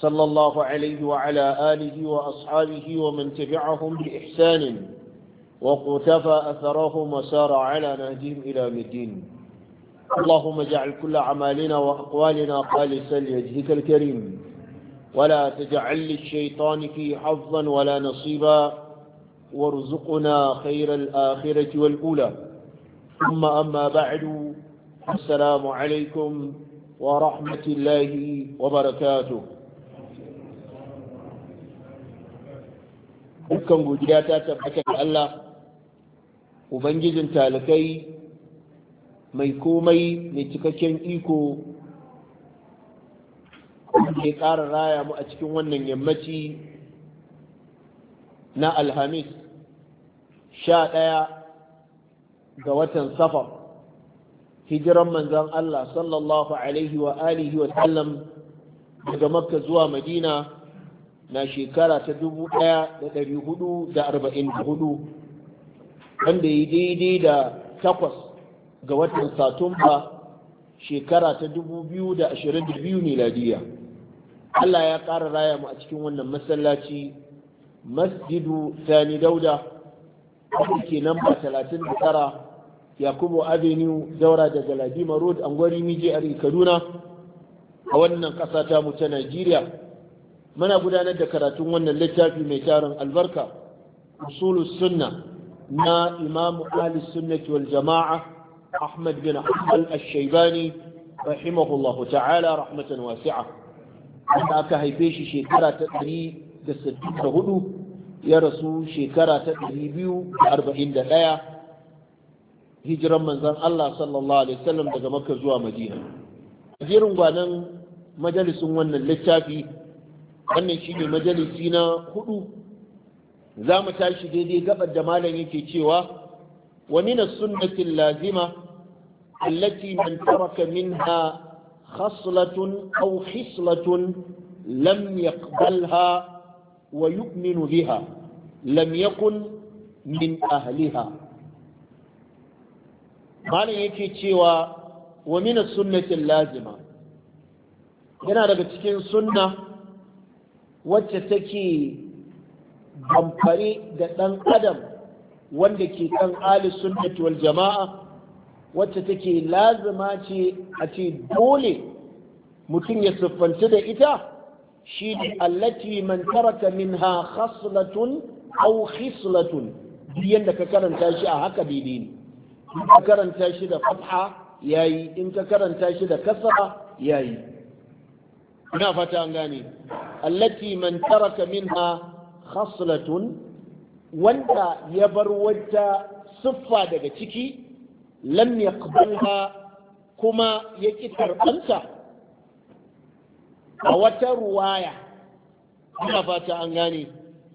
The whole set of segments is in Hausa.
صلى الله عليه وعلى آله وأصحابه ومن تبعهم بإحسان وقتفى أثرهم وسار على نهجهم إلى مدين اللهم اجعل كل عمالنا وأقوالنا خالصا ليجهك الكريم ولا تجعل للشيطان في حظا ولا نصيبا وارزقنا خير الآخرة والأولى ثم أما بعد السلام عليكم ورحمة الله وبركاته dukkan godiya ta tabbata ga Allah ubangijin talikai mai komai mai cikakken iko ke ƙara raya mu a cikin wannan yammaci na alhamis sha ɗaya ga watan safar hijiran manzan Allah sallallahu alaihi wa alihi wa sallam daga makka zuwa madina na shekara ta dubu ɗaya da ɗari hudu da arba'in da hudu wanda ya daidai da takwas ga watan satumba shekara ta dubu biyu da ashirin da biyu miladiya Allah ya ƙara raya mu a cikin wannan masallaci masjidu sani dauda wanda ke namba talatin da tara yakubu avenue daura da galadima road gwari miji a kaduna a wannan ƙasa ta mu ta najeriya muna gudanar da karatun wannan littafi mai tarin albarka usulus sunna na imamu ahli sunnati wal jama'a ahmad bin hanbal ash-shaybani rahimahullahu ta'ala rahmatan wasi'a da aka haife shi shekara ta 164 ya rasu shekara ta 241 hijiran manzon Allah sallallahu alaihi wasallam daga Makka zuwa Madina jirin gwanan majalisin wannan littafi wannan shine majalisi na hudu za mu tashi daidai gabar da malam yake cewa wa min as-sunnati lazima allati man taraka minha khaslatun aw khislatun lam yaqbalha wa yu'minu biha lam yakun min ahliha malam yake cewa wa min as-sunnati lazima yana daga cikin sunna wacce take damfare da ɗan adam wanda ke kan Ali sunnati wal jama'a wacce take lazima ce a ce dole mutum ya siffanci da ita shi ne allati man taraka minha khaslatun aw khislatun biyan da ka karanta shi a haka daidai ne in ka karanta shi da fatha yayi in ka karanta shi da kasra yayi ina fata an gane allati man taraka minha khaslatun wanda ya bar wata siffa daga ciki lam yaqbalha kuma ya ƙi karɓanta a wata ruwaya ina fata an gane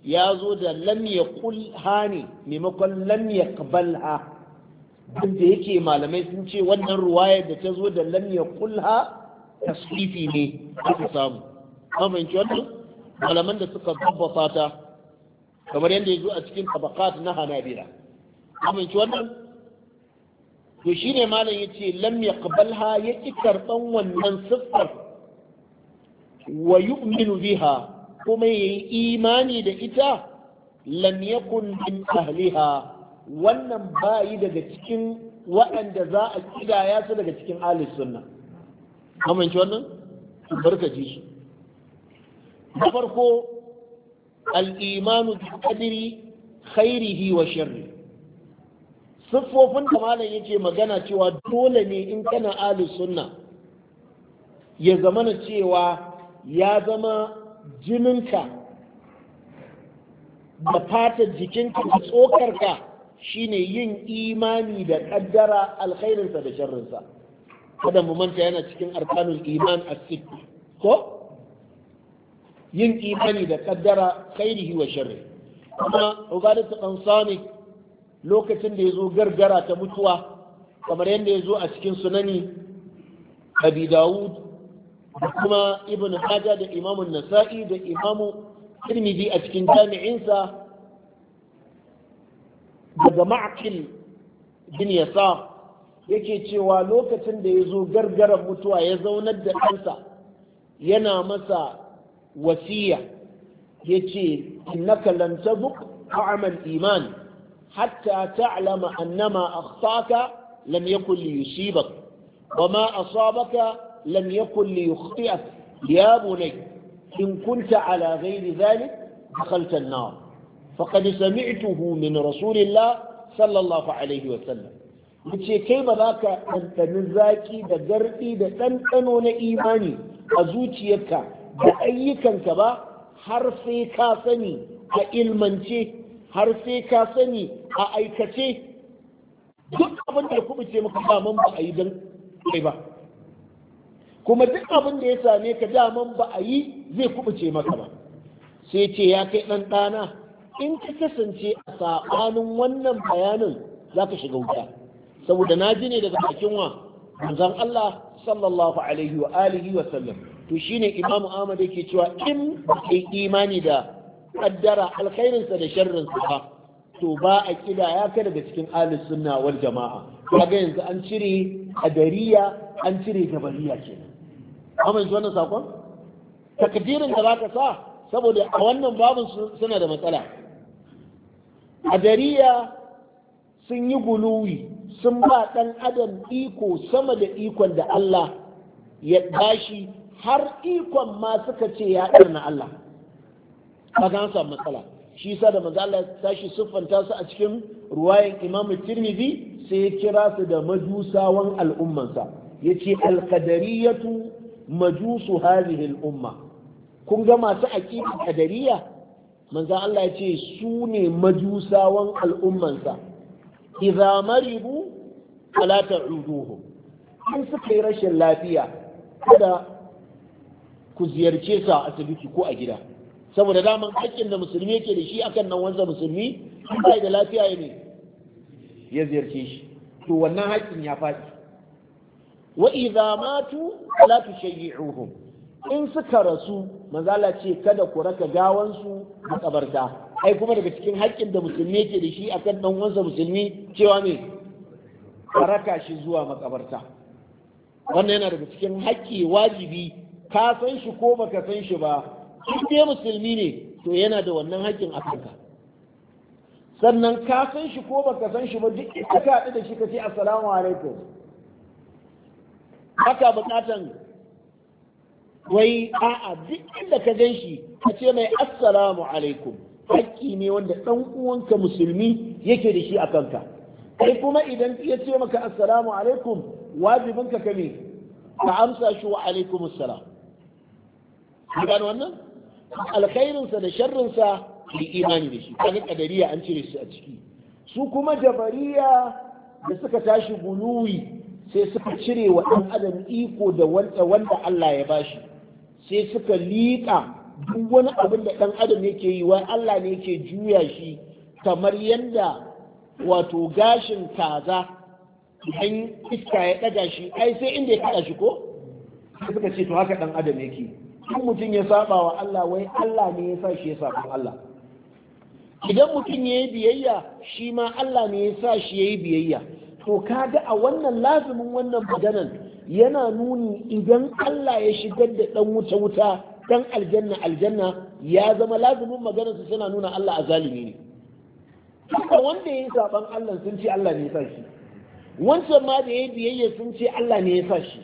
ya zo da lamya yaqulha ne maimakon lam yaqbalha da yake malamai sun ce wannan ruwayar da ta zo da lam yaqulha tasrifi ne aka samu amince wannan malaman da suka babbata ta kamar yadda ya zo a cikin tabakat na hanabira amince wannan to shi ne malam ya ce lam ya kabalha ya ƙi karɓan wannan siffar wa yu'minu biha kuma ya yi imani da ita lam yakun min ahliha wannan bayi daga cikin waɗanda za a kidaya su daga cikin ahlus sunna amince wannan barkaci su na farko al'imanu bi qadri khairihi wa sharri siffofin da malam yake magana cewa dole ne in kana ahlus sunna ya zamana cewa ya zama jininka da fatar jikinka da tsokarka shine yin imani da kaddara alkhairinsa da sharrinsa kada mu manta yana cikin arkanun iman a ko yin imani da kaddara khairihi wa sharri kuma ubadatu ansani lokacin da yazo gargara ta mutuwa kamar yadda ya zo a cikin sunani abi dawud kuma ibn haja da imam an-nasa'i da imam tirmidhi a cikin jami'insa daga ma'akil bin yasa yake cewa lokacin da yazo gargara mutuwa ya zaunar da ɗansa yana masa wasiya ya ce innaka lan tazuq ta'amal iman hatta ta'lama annama akhtaka lam yakun li yusibak wa ma asabaka lam yakun li yukhti'ak ya bunay in kunta ala ghairi dhalik dakhalta an-nar faqad sami'tuhu min rasulillah sallallahu alaihi wa sallam yace kai ba za ka ɗanɗanin zaƙi da garɗi da ɗanɗano na imani a zuciyarka da ayyukanka ba har sai ka sani a ilmance har sai ka sani a aikace duk abin da kubuce maka daman ba a yi don ba kuma duk abin da ya same ka daman ba a yi zai kubuce maka ba sai ce ya kai ɗan ɗana in ka kasance a saɓanin wannan bayanin za ka shiga wuta saboda na ji ne daga bakin wa manzon Allah sallallahu alaihi wa alihi wa sallam to shine imamu ahmad yake cewa in a imani da kaddara alkhairinsa da sharrinsa ba to ba a kida ya daga cikin ahlus sunna wal jama'a kaga yanzu an cire dariya, an cire jabariya kenan amma yanzu wannan sakon takdirin da ka sa saboda a wannan babin suna da matsala adariya sun yi guluwi sun ba ɗan adam iko sama da ikon da Allah ya bashi har ikon ma suka ce ya na Allah ka ga samu matsala shi sa da manzo Allah ya tashi siffanta su a cikin ruwayan Imam Tirmidhi sai ya kira su da majusawan al'ummansa yace al-qadariyatu majusu hadhihi al-umma kun ga masu aqidar qadariyya manzo Allah ya ce su ne majusawan al'ummansa idza maribu fala ta'uduhum in suka yi rashin lafiya kada ku ziyarce sa a asibiti ko a gida saboda daman hakkin da musulmi yake da shi akan nan wansa musulmi in bai da lafiya ya ne ya ziyarce shi to wannan hakkin ya faɗi wa idza matu la tushayyi'uhum in suka rasu manzala ce kada ku raka gawan gawansu kabarta ai kuma daga cikin haƙƙin da musulmi yake da shi akan dan uwansa musulmi cewa ne? ka raka shi zuwa makabarta wannan yana daga cikin hakki wajibi ka san shi ko baka san shi ba in dai musulmi ne to yana da wannan haƙƙin a kanka sannan ka san shi ko baka san shi ba duk inda ka haɗu da shi ka ce assalamu alaikum haka buƙatan wai a'a duk inda ka gan shi ka ce mai assalamu alaikum haƙƙi ne wanda ɗan uwanka musulmi yake da shi a kanka kai kuma idan ya ce maka assalamu alaikum wajibinka ka ne ka amsa shi wa alaikum ka gano wannan alkhairinsa da sharrinsa da imani da shi kan kadariya an cire su a ciki su kuma jabariya da suka tashi guluwi sai suka cire wa ɗan adam iko da wanda wanda Allah ya bashi sai suka liƙa duk wani abin da ɗan adam yake yi wai Allah ne yake juya shi kamar yanda wato gashin kaza idan iska ya ɗaga shi ai sai inda ya kaɗa shi ko sai suka ce to haka ɗan adam yake yi. duk mutum ya saba wa Allah wai Allah ne ya sa shi ya saba Allah idan mutum ya yi biyayya shi ma Allah ne ya sa shi ya yi biyayya to kaga a wannan lazumin wannan maganan yana nuni idan Allah ya shigar da dan wuta wuta dan aljanna aljanna ya zama lazumin maganar su suna nuna Allah a zalimi ne duka wanda ya yi saban Allah sun ce Allah ne ya sa shi wancan ma da ya yi biyayya sun ce Allah ne ya sa shi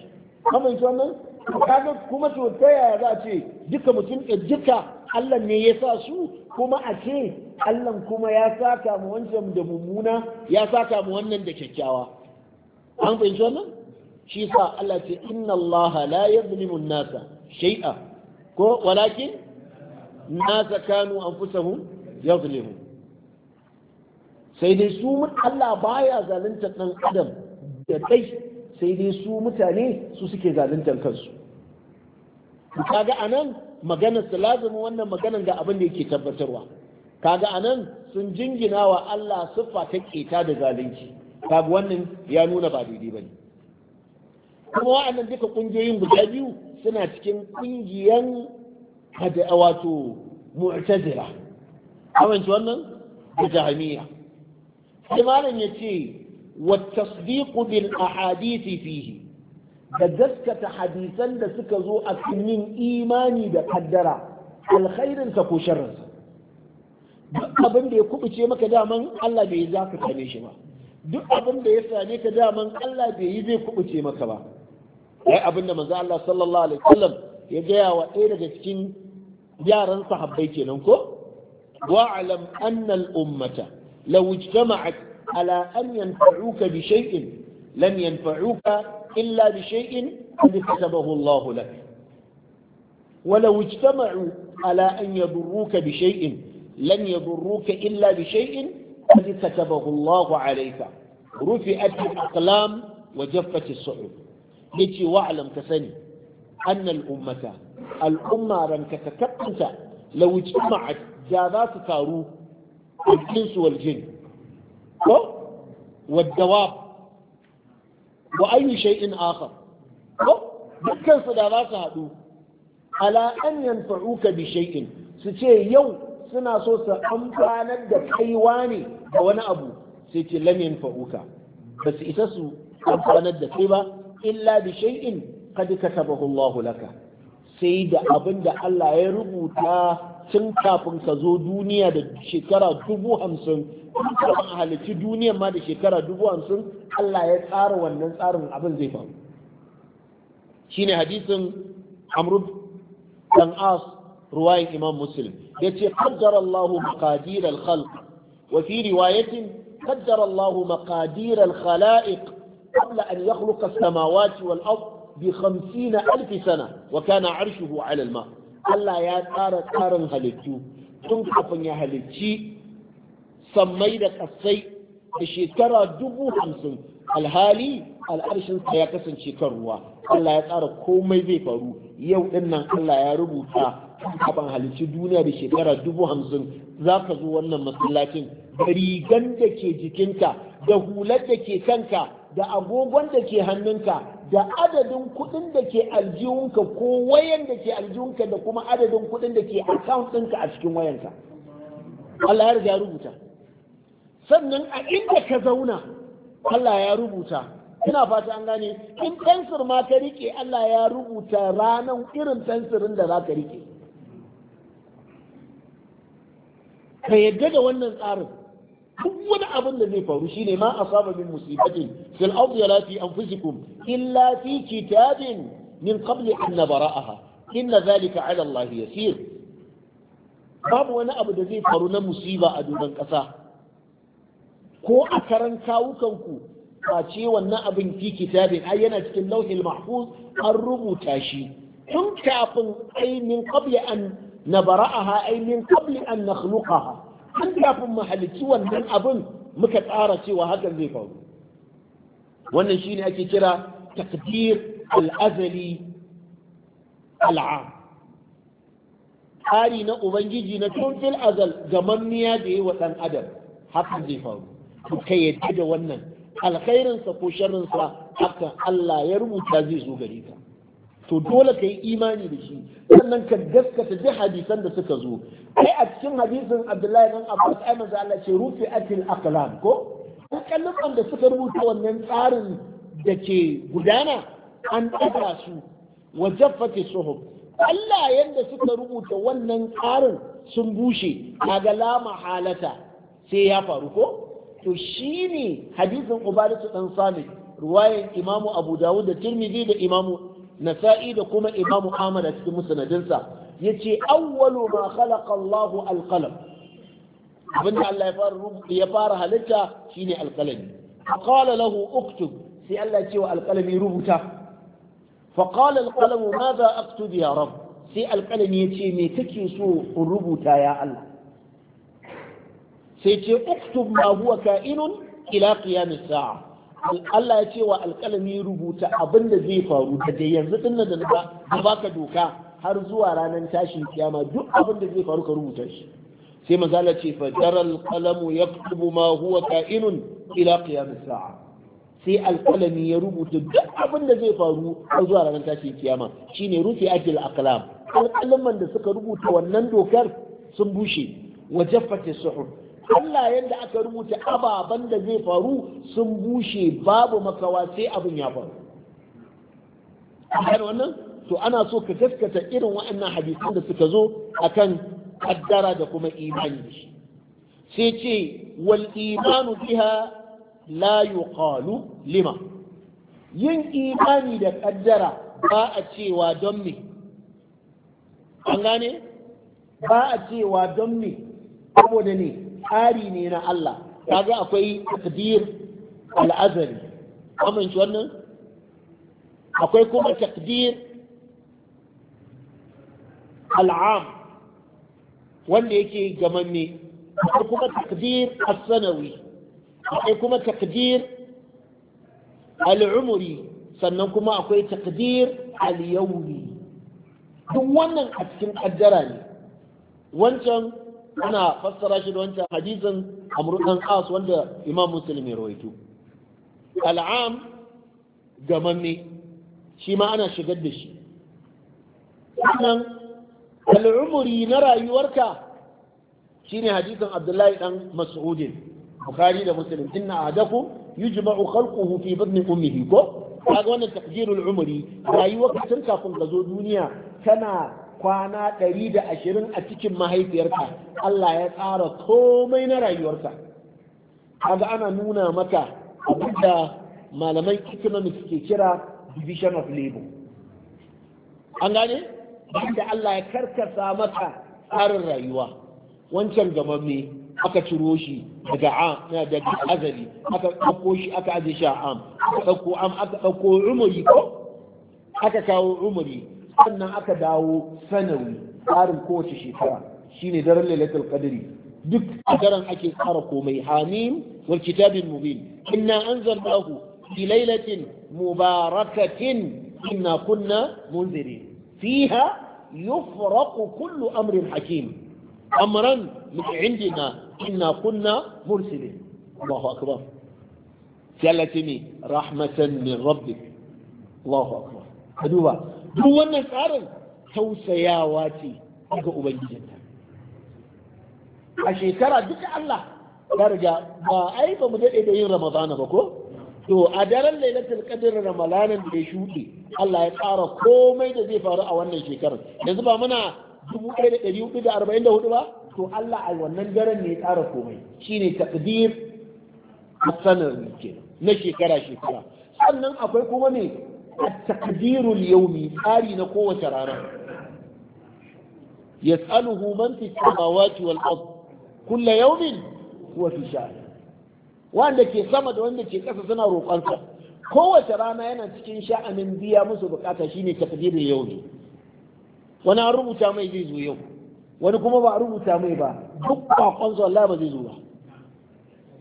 kamar wannan kaga kuma to ta yaya za a ce duka mutum eh, duka Allah ne ya sa su kuma a ce Allah kuma ya saka mu wancan da mummuna ya saka mu wannan da kyakkyawa an fahimci wannan shi sa Allah ce inna Allah la yadhlimu an-nasa shay'a ko walakin nasa kanu anfusahum yadhlimu sai dai su Allah baya zalunta dan adam da kai sai dai su mutane su suke zaluntar kansu kaga anan maganar su lazumi wannan maganar ga abin da yake tabbatarwa kaga anan sun jingina wa Allah siffa ta keta da zalunci kaga wannan ya nuna ba daidai bane kuma wa'annan duka kungiyoyin guda biyu suna cikin kungiyan hada wato mu'tazila amince wannan da jahamiya sai malam yace wa tasdiqu bil ahadisi fihi da gaskata hadisan da suka zo a cikin imani da kaddara alkhairinsa ko sharrinsa duk abin da ya kubuce maka daman Allah bai za ka same shi ba duk abin da ya same ka daman Allah bai yi zai kubuce maka ba wai abin da manzo Allah sallallahu alaihi wasallam ya gaya wa ɗaya daga cikin yaran sahabbai kenan ko wa'lam anna al-ummata law ijtama'at ala an yanfa'uka bi shay'in lam yanfa'uka إلا بشيء قد كتبه الله لك ولو اجتمعوا على أن يضروك بشيء لن يضروك إلا بشيء قد كتبه الله عليك رفعت الأقلام وجفت الصعود لكي واعلم كسني أن الأمة الأمة رنك تكبنت لو اجتمعت جاذات تارو الإنس والجن والدواب wa ayyu shay'in akhar ko dukkan su da za su haɗu ala an yanfa'uka bi shay'in su ce yau suna so su amfanar da kaiwa ne da wani abu sai ce lam yanfa'uka ba su isa su amfanar da kai ba illa bi shay'in qad katabahu Allah laka sai da abin da Allah ya rubuta tun kafin ka zo duniya da shekara dubu hamsin tun kafin halitti duniya ma da shekara dubu hamsin Allah ya tsara wannan tsarin abin zai faru ne hadisin amrud dan as ruwayin imam muslim yace ce, Allahu maqadir al-khalq wa fi riwayatin qaddara Allahu maqadir al-khalaiq قبل أن يخلق السماوات والأرض بخمسين ألف سنة وكان عرشه على الماء Allah ya tsara tsarin halittu tun kafin ya halicci sammai da kasai da shekara dubu hamsin alhali al'arshinsa ya kasance kan ruwa Allah ya tsara komai zai faru yau din nan Allah ya rubuta kafin halicci duniya da shekara dubu hamsin za ka zo wannan masallacin da rigan da ke jikinka da hular da ke kanka da agogon da ke hannunka da adadin kuɗin da ke aljihunka ko wayan da ke aljihunka da kuma adadin kuɗin da ke account ɗinka a cikin wayanka Allah ya riga rubuta sannan a inda ka zauna Allah ya rubuta ina fata an gane in fensir ma ka rike Allah ya rubuta ranan irin fensirin da za ka rike ka yadda da wannan tsarin duk wani abin da zai faru shine ma saba min musibatin fil ardi la fi anfusikum illa fi kitabin min qabl an nabara'aha inna zalika ala Allah yasir babu wani abu da zai faru na musiba a duban kasa ko a karan kawukanku face wannan abin fi kitabin ai yana cikin lauhil mahfuz an rubuta shi tun kafin ai min qabl an nabara'aha ai min qabl an nakhluqaha tun kafin mu halici wannan abin muka tsara cewa hakan zai faru wannan shine ake kira takdir alazali al'am tsari na ubangiji na tun fil azal gamanniya da yi wa ɗan adam hakan zai faru to ka yadda da wannan alkhairinsa ko sharrinsa hakan Allah ya rubuta zai zo gare ka to dole ka yi imani da shi sannan ka gaskata duk hadisan da suka zo ai a cikin hadisin abdullahi dan abbas ai manzo Allah ce rufi atil aqlam ko kallon da suka rubuta wannan tsarin da ke gudana an ɗaga su wa jaffati suhub Allah yanda suka rubuta wannan tsarin sun bushe kaga la halata sai ya faru ko to shine hadisin ubadatu dan samit ruwayan imamu abu dawud da tirmidhi da imamu nasa'i da kuma imamu ahmad a cikin ya yace awwalu ma khalaqa Allahu al abinda Allah ya fara halitta shine al-qalami lahu uktub sai Allah ce wa al rubuta fa qala al-qalamu madha aktub ya sai al ya yace me kake so in rubuta ya Allah sai ce uktub ma huwa ka'inun ila qiyamis sa'a Allah ya ce wa alƙalami rubuta abin da zai faru daga yanzu din da na ka doka har zuwa ranar tashin kiyama duk abin da zai faru ka rubuta shi sai manzala ce fa daral qalamu yaktubu ma huwa ka'inun ila qiyam sa'a sai alƙalami ya rubuta duk abin da zai faru har zuwa ranar tashin kiyama shine rufi akil aqlam alƙalaman da suka rubuta wannan dokar sun bushe waje jaffati suhuf Allah yadda aka rubuta ababen da zai faru sun bushe babu makawa sai abin ya faru a wannan to ana so ka gaskata irin waɗannan hadisan da suka zo akan kaddara da kuma imani da shi sai ce wal imanu biha la yuqalu lima yin imani da kaddara ba a cewa don me an gane ba a cewa don me saboda ne tsari ne na Allah kaga akwai takdir al'azari amince wannan akwai kuma takdir al'am wanda yake gamanne akwai kuma takdir as-sanawi akwai kuma takdir al'umuri sannan kuma akwai takdir al-yawmi duk wannan a cikin kaddara ne wancan ana fassara shi da wancan hadisin amrukan as wanda imam muslim ya rawaito al'am gamanne shi ma ana shigar da shi sannan al'umuri na rayuwarka shine hadisin abdullahi dan mas'udin bukhari da muslim inna adaku yujma'u khalquhu fi batni ummihi ko kaga wannan takdirul umri rayuwarka tun kafin ka zo duniya tana kwana ɗari da ashirin a cikin mahaifiyarka Allah ya tsara komai na rayuwarka kaga ana nuna maka da malamai economics ke kira division of labor an gane da Allah ya karkasa maka tsarin rayuwa wancan gamamme aka ciro shi daga am daga azali aka ɗauko shi aka aje shi am aka ɗauko am aka ɗauko umuri ko aka kawo umuri sannan aka dawo sanawi tsarin kowace shekara shine daren lailatul qadri duk a daren ake tsara komai hamim wal kitabin mubin inna anzalnahu fi lailatin mubarakatin inna kunna munzirin fiha يفرق kullu أمر hakim amran من عندنا إنا kunna مرسلين الله أكبر ثلاثمي رحمة من ربك الله أكبر هدوبا duk wannan tsarin tausayawa ce daga ubangijinta a shekara duka Allah ya riga ba ai ba mu daɗe da yin ramadana ba ko to a daren lailatul qadr ramadanan da ya shuɗe Allah ya tsara komai da zai faru a wannan shekarar yanzu ba muna 1444 ba to Allah a wannan daren ne ya tsara komai shine takdir sanar ne na shekara shekara sannan akwai kuma ne a taqdirul tsari na kowace rana yas'aluhu man fi samawati wal ard kullu yawmin huwa fi sha'n wanda ke sama da wanda ke kasa suna roƙonsa kowace rana yana cikin sha'anin biya musu bukata shine takdirin yau ne wani an rubuta mai zai zo yau wani kuma ba a rubuta mai ba duk bakonsa Allah ba zai zo ba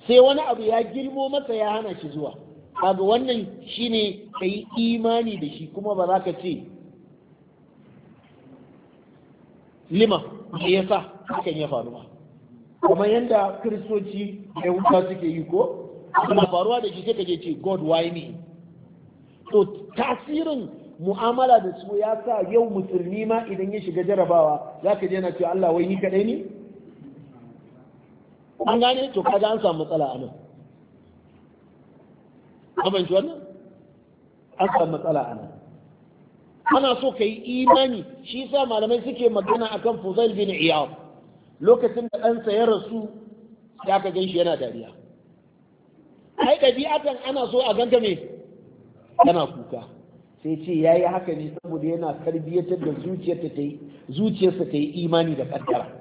sai wani abu ya girmo masa ya hana shi zuwa kaga wannan shine kai imani da shi kuma ba za ka ce lima me yasa hakan ya faru ba kuma yanda kiristoci da wuta suke yi ko Kuma faruwa da shi sai ce god why me to tasirin mu'amala da su ya sa yau musulmi ma idan ya shiga jarabawa za ka je na cewa Allah wai ni kadai ne an gane to kaga an samu matsala a nan abin shi wannan an samu matsala ana ana so ka yi imani shi sa malamai suke magana akan fuzail bin iyad lokacin da ɗansa ya rasu ya ka gan shi yana dariya ai ɗabi'atan ana so a ganka me yana kuka sai ce ya yi haka ne saboda yana karbiyatar da zuciyarsa ta yi imani da ƙaddara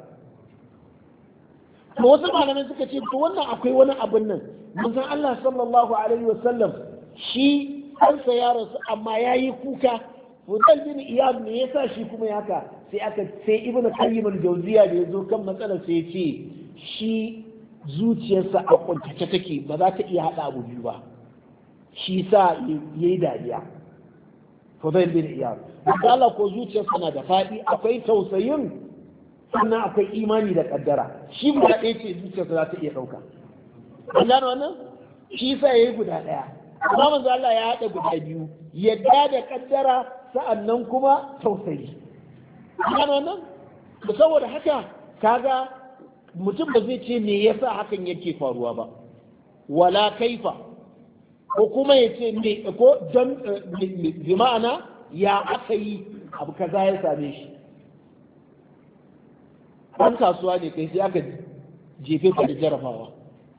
to wasu malamai suka ce to wannan akwai wani abin nan manzon Allah sallallahu alaihi wasallam shi kansa ya rasu amma ya yi kuka Fudal bin Iyad ne yasa shi kuma yaka sai aka sai Ibn Qayyim al-Jawziya da yazo kan matsalar sai ce shi zuciyarsa a kuntace take ba za ta iya hada abu biyu ba shi sa yayi dariya Fudal bin Iyad Allah ko zuciyarsa na da fadi akwai tausayin sannan akwai imani da kaddara shi guda ɗaya ce zuciyarsa za ta iya ɗauka an gano wannan shi sa ya yi guda ɗaya amma manzo Allah ya haɗa guda biyu yadda da kaddara sa'annan kuma tausayi an gano wannan saboda haka kaga mutum ba zai ce me yasa hakan yake faruwa ba wala kaifa ko kuma ya ce me ko don eh, bi ma'ana ya aka yi abu kaza ya same shi ɗan kasuwa ne kai sai aka jefe ka da jarabawa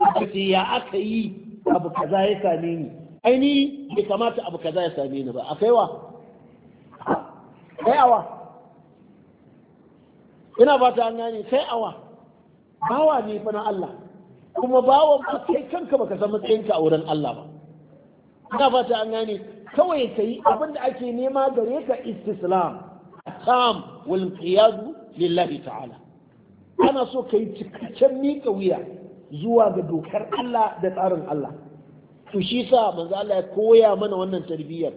aka ce ya aka yi abu kaza ya same ni aini bai kamata abu kaza ya same ni ba a kaiwa kai awa ina ba ta ne kai awa bawa ne fa na Allah kuma bawa ba kai kanka baka san matsayinka a wurin Allah ba ina ba ta an gane kawai kai abin da ake nema gare ka istislam tam wal qiyadu lillahi ta'ala ana so ka yi cikakken miƙa wuya zuwa ga dokar Allah da tsarin Allah to shi sa manzo Allah ya koya mana wannan tarbiyyar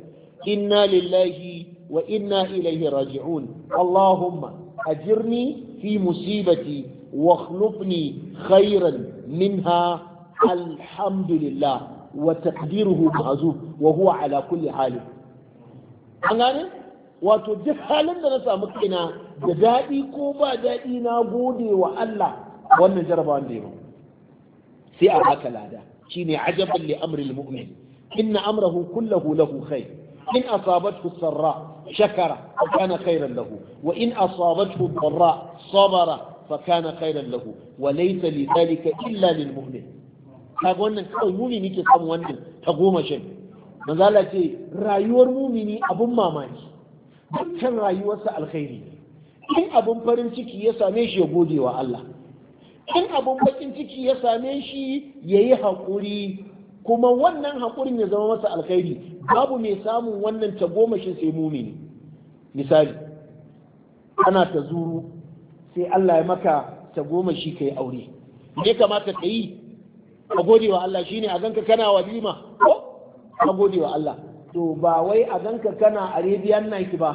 inna lillahi wa inna ilaihi raji'un allahumma ajirni fi musibati wa akhlifni khairan minha alhamdulillah wa taqdiruhu ma'zuf wa huwa ala kulli hal an gane wato duk halin da na samu kaina da daɗi ko ba daɗi na gode wa Allah wannan jarabawan da yau sai a baka lada shine ajaban li amri almu'min inna amrahu kullahu lahu khair in asabathu sarra shakara fa kana khairan lahu wa in asabathu dharra sabara fa kana khairan lahu wa laysa li dhalika illa lilmu'min kaga wannan kawai mumini ke samu wannan ta goma shin manzo Allah ce rayuwar mumini abun mamaki dukkan rayuwarsa alkhairi in abun farin ciki ya same shi ya gode wa Allah in abun bakin ciki ya same shi ya yi haƙuri kuma wannan haƙurin ya zama masa alkhairi babu mai samun wannan tagomashin sai mumini misali ana ta zuru sai Allah ya maka tagomashi ka yi aure me kamata ka yi a gode wa Allah shine a ganka kana walima ko a gode wa Allah to ba wai a ganka kana arabian night ba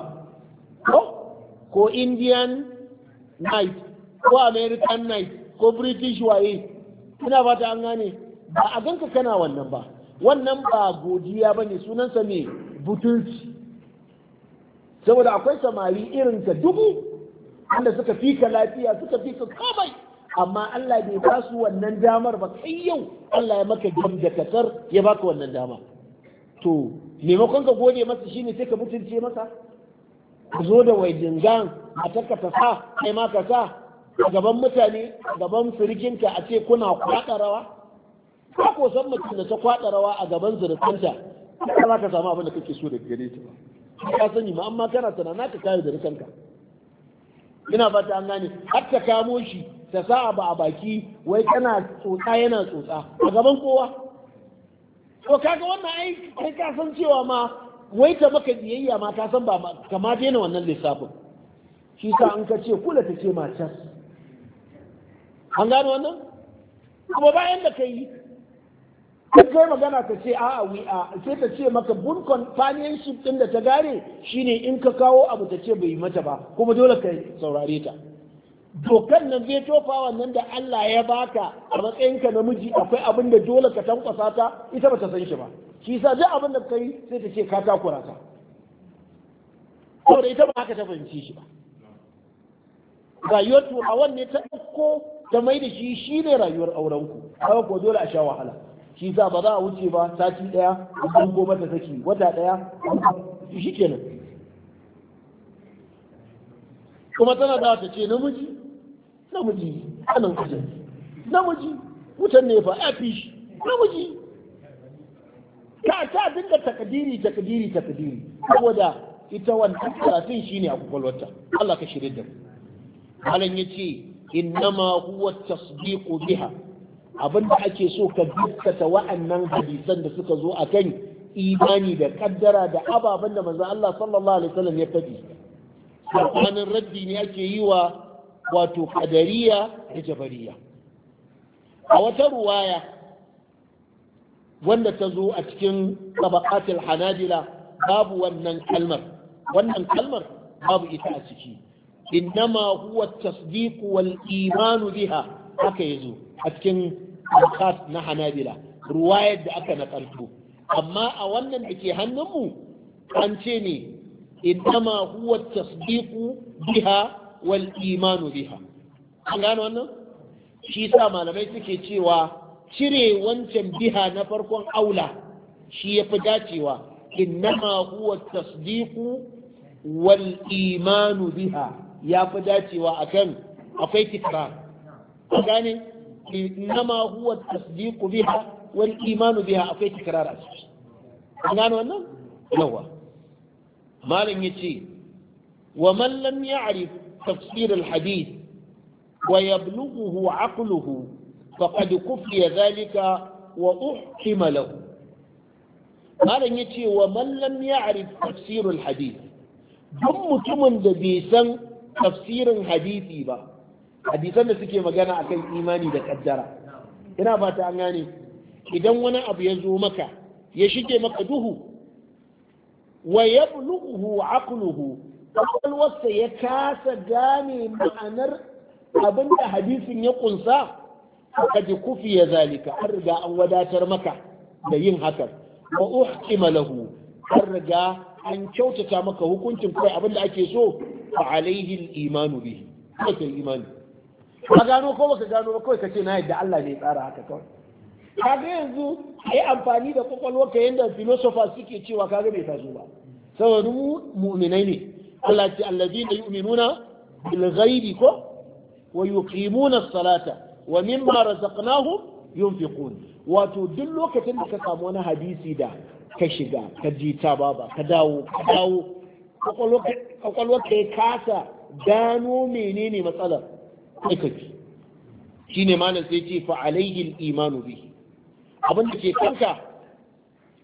ko indian night ko american night ko british waye ina ba ta an gane ba a ganka kana wannan ba wannan ba godiya ba ne sunansa ne butulci saboda akwai samari irin ka dubu wanda suka fi ka lafiya suka fi ka kamai amma Allah bai ba su wannan damar ba kai yau Allah ya maka da gamdakatar ya baka wannan dama to maimakon ka gode masa shine sai ka mutunce masa ka zo da wai dingan matarka ta sa kai ma ka sa a gaban mutane a gaban sirikinka a ce kuna kwaɗa rawa ka ko san mutum da ta kwaɗa rawa a gaban zurfanta ka za ka samu abin da kake so da gare ta ka sani ma amma kana tunana ka kayo da ka ina fata an gane har ta kamo shi ta sa abu a baki wai kana tsotsa yana tsotsa a gaban kowa to kaga wannan ai kai ka san cewa ma wai ta maka biyayya ma ka san ba kama daina wannan lissafin shi sa an ka ce kula ta ce matar an gano wannan kuma bayan da ka yi kai magana ta ce a'a wi a sai ta ce maka bun companionship din da ta gare shine in ka kawo abu ta ce bai mata ba kuma dole ka saurare ta dokan nan zai tofa wannan da Allah ya baka a matsayinka namiji akwai abin da dole ka tankwasa ta ita ba ta san shi ba shi sa duk abin da kai sai ta ce ka takura ta saboda ita ba haka ta fahimci shi ba rayuwar turawan ne ta ɗauko ta mai da shi shi ne rayuwar ku haka ko dole a sha wahala shi sa ba za a wuce ba sati ɗaya an ko mata saki wata ɗaya shi kenan kuma tana da ta ce namiji namiji anan kusa namiji wutan ne fa a fi shi namiji ka ta dinga takadiri takadiri takadiri saboda ita wannan karatun shine a kwakwalwarta Allah ka shirye da mu malam yace innama huwa tasdiqu biha abinda ake so ka dukkata wa'annan hadisan da suka zo akan imani da kaddara da ababen da manzo Allah sallallahu alaihi wasallam ya faɗi sabanin raddi ne ake yi wa wato kadariya da jabariya a wata ruwaya wanda ta zo a cikin tabaqatul hanabila babu wannan kalmar wannan kalmar babu ita a ciki innama huwa tasdiq wal iman biha haka yazo a cikin tabaqat na hanabila ruwayar da aka nakalto amma a wannan da ke hannunmu an ce ne innama huwa tasdiq biha wal imanu biha an gano wannan shi sa malamai suke cewa cire wancan biha na farkon aula shi ya fi dacewa innama huwa tasdiqu wal imanu biha ya fi dacewa akan akwai tikrar an gane innama huwa tasdiqu biha wal imanu biha akwai tikrar a ciki an gano wannan yawa malam yace wa man lam ya'rif تفسير الحديث ويبلغه عقله فقد كفي ذلك وأحكم له قال يتي ومن لم يعرف تفسير الحديث دم متمن دبيسا تفسير حديثي با حديثا نسكي مغانا أكي إيماني دا قدرة ina fata an gane idan wani abu ya zo maka ya shige maka duhu wa yabluhu aqluhu kwakwalwarsa ya kasa gane ma'anar abin da hadisin ya kunsa ka ji kufi ya zalika an riga an wadatar maka da yin hakan wa uhkima lahu an riga an kyautata maka hukuncin kai abin da ake so fa alaihi imanu bihi kai imani ka gano ko baka gano ba kawai ka ce na yadda Allah ne tsara haka kawai Ka ga yanzu a yi amfani da kwakwalwarka yadda filosofa suke cewa ka kaga bai taso ba saboda mu mu'minai ne Allah ce allazina yu'minuna bil ghaibi ko wa yuqimuna as-salata wa mimma razaqnahum yunfiqun wato duk lokacin da ka samu wani hadisi da ka shiga ka ji ta baba ka dawo ka dawo kwakwalwar ka ya kasa gano menene matsalar aikaki shi ne malam sai ce fa alayhi imanu bihi abin da ke kanka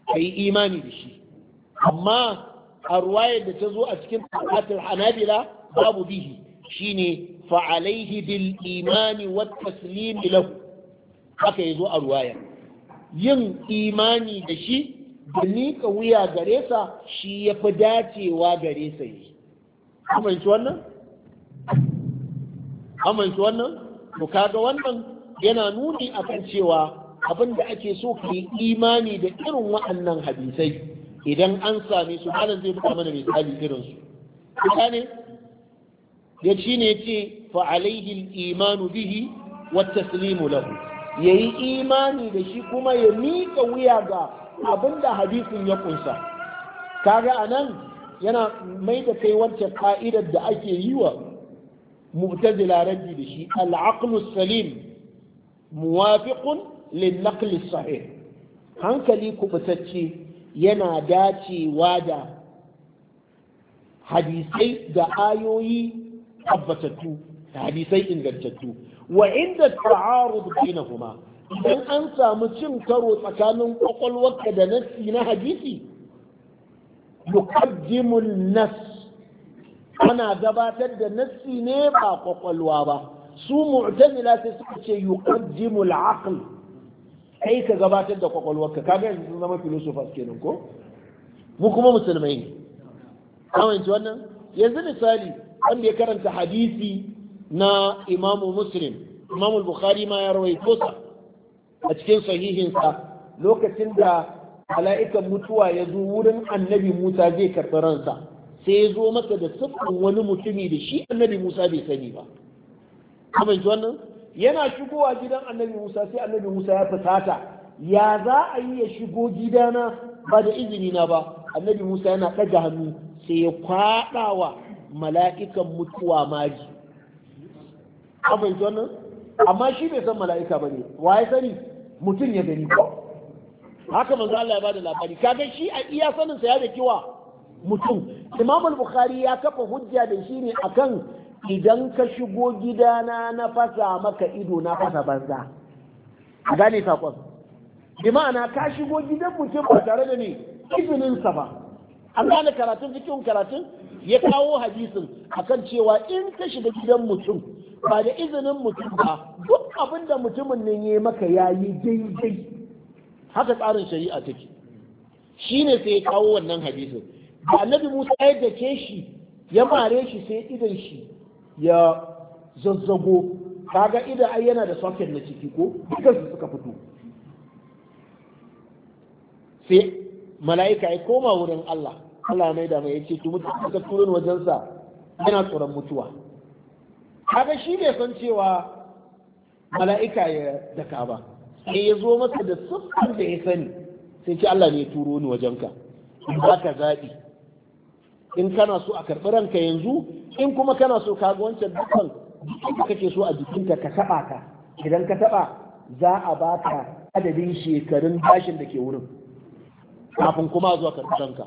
ka yi imani da shi amma a ruwayar da ta zo a cikin tsakatar hanabila babu bihi shine ne fa'alai bil imani wat taslim lahu haka zo a ruwayar yin imani da shi da miƙa wuya gare sa shi ya fi dacewa gare sa yi amince wannan amince wannan to kaga wannan yana nuni akan cewa abin da ake so ka yi imani da irin wa'annan hadisai idan an same su malam zai buga mana misali irin su kuka ne ya ci ne ce fa alaihi imanu bihi wa taslimu lahu yayi imani da shi kuma ya mika wuya ga abinda hadisin ya kunsa kaga anan yana mai da kai wacce ka'idar da ake yi wa mu'tazila raddi da shi al-aqlu salim muwafiqun lin naqli sahih hankali kubutacce yana dacewa da hadisai da ayoyi tabbatattu da hadisai ingantattu wa inda ta'arud kuma. idan an samu cin karo tsakanin kwakwalwarka da nassi na hadisi yuqaddimul nas ana gabatar da nassi ne ba kwakwalwa ba su mu'tazila sai suka ce yuqaddimul aql kai ka gabatar da kwakwalwarka kaga yanzu zama filosofas kenan ko mu kuma musulmai ne kawai wannan yanzu misali wanda ya karanta hadisi na imamu muslim imamu bukhari ma ya rawaito sa a cikin sahihinsa lokacin da mala'ikan mutuwa ya zo wurin annabi musa zai karɓi ransa sai ya zo masa da siffin wani mutumi da shi annabi musa bai sani ba wannan yana shigowa gidan annabi musa sai annabi musa ya fusata ya za a yi ya shigo gidana ba da izini na ba annabi musa yana ɗaga hannu sai ya wa mala'ikan mutuwa maji abin wannan amma shi bai san mala'ika ba ne wa sani mutum ya gani ko haka manzo Allah ya bada labari kaga shi a iya sanin sa ya da kiwa mutum imam bukhari ya kafa hujja da shi ne akan idan ka shigo gidana na fasa maka ido na fasa banza a gane sakon bi ma'ana ka shigo gidan mutum ba tare da ne izininsa ba an gane karatun cikin karatun ya kawo hadisin akan cewa in ka shiga gidan mutum ba da izinin mutum ba duk abin da mutumin nan ya maka ya yi daidai haka tsarin shari'a take shi ne sai ya kawo wannan hadisin da annabi musa ya dake shi ya mare shi sai idon shi ya zazzago kaga idan ai yana da socket na ciki ko dukansu suka fito sai mala'ika ya koma wurin Allah Allah mai da mai yace ki mutu ka turun wajensa yana tsoron mutuwa kaga shi bai san cewa mala'ika ya daka ba sai ya zo masa da sukan da ya sani sai ce Allah ne ya turo ni wajenka in ba ka zaɓi in kana so a karɓi ranka yanzu in kuma kana so ka ga wancan dukkan da kake so a jikinka ka taba ka idan ka taba za a baka adadin shekarun bashin da ke wurin kafin kuma zuwa ka.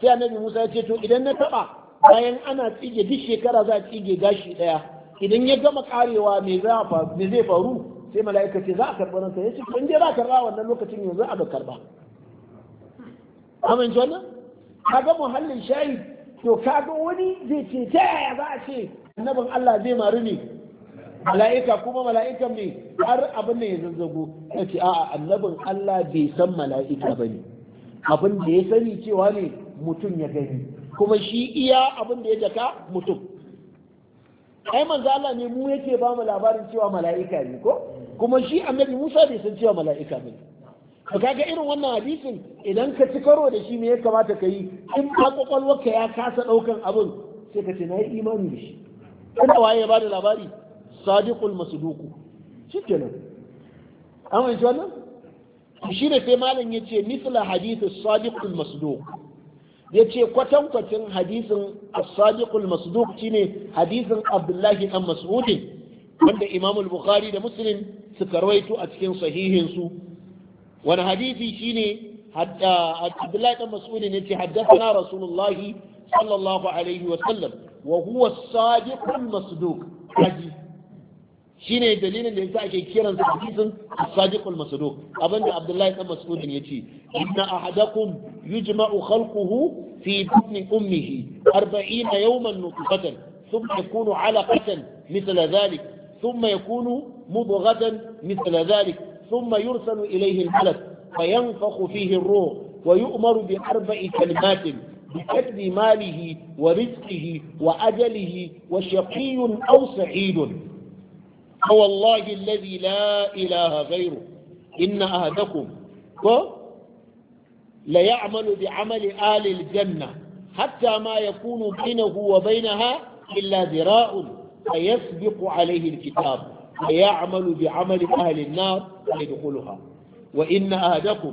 sai annabi Musa ya ce to idan na taba bayan ana tsige duk shekara za a tsige gashi daya idan ya gama karewa me za a me zai faru sai mala'ika ce za a karba nan sai ce in dai za a karɓa wannan lokacin yanzu a ga karɓa amince wannan kaga muhallin shayi. to kaga wani zai ce ta yaya za a ce annabin Allah zai maru ne mala'ika kuma mala'ika ne har abin da ya zazzago ya ce a'a annabin Allah bai san mala'ika ba ne abin da ya sani cewa ne mutum ya gani kuma shi iya abin da ya jaka mutum ai manzo Allah ne mu yake ba mu labarin cewa mala'ika ne ko kuma shi annabi Musa bai san cewa mala'ika ba ne Ka ga irin wannan hadisin idan ka ci karo da shi me ya kamata ka yi in ba ka ya kasa ɗaukan abin sai ka ce na yi imani da shi kuma waye ya da labari sadiqul ke nan an wani wannan shi ne sai malam ya ce misla hadithus sadiqul masduq ya ce kwatankwacin hadisin as-sadiqul masduq shine hadisin abdullahi dan mas'udin wanda Imamul bukhari da muslim suka rawaito a cikin sahihinsu wani hadisi shine uh, Abdullahi dan Mas'ud ne ce haddathana Rasulullahi sallallahu alaihi wa sallam wa huwa sadiqul masduq haji shine dalilin da yasa ake kiran sa hadisin sadiqul masduq abinda Abdullahi dan Mas'ud ne ce inna ahadakum yujma'u khalquhu fi batni ummihi 40 yawman nutfatan ثم يكون علقة مثل ذلك ثم يكون مضغة مثل ذلك ثم يرسل إليه الملك فينفخ فيه الروح ويؤمر بأربع كلمات بكتب ماله ورزقه وأجله وشقي أو سعيد فوالله الذي لا إله غيره إن أهدكم ليعمل بعمل آل الجنة حتى ما يكون بينه وبينها إلا ذراء فيسبق عليه الكتاب ويعمل بعمل أهل النار ويدخلها وإن أهدكم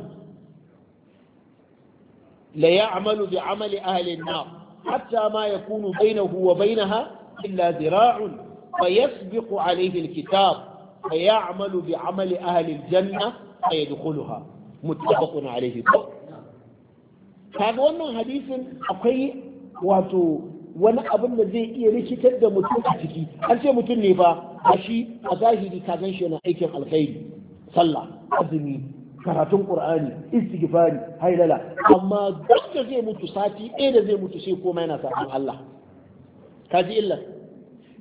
ليعمل بعمل أهل النار حتى ما يكون بينه وبينها إلا ذراع فيسبق عليه الكتاب فيعمل بعمل أهل الجنة فيدخلها متفق عليه نعم. هذا هو حديث akwai wato wani abin da zai iya rikitar da mutum a ciki an ce mutum ne ba a shi a zahiri ka gan shi yana aikin alkhairi sallah azumi karatun qur'ani istighfari hailala amma duk da zai mutu sati ɗaya da zai mutu sai komai yana saban Allah ka ji illa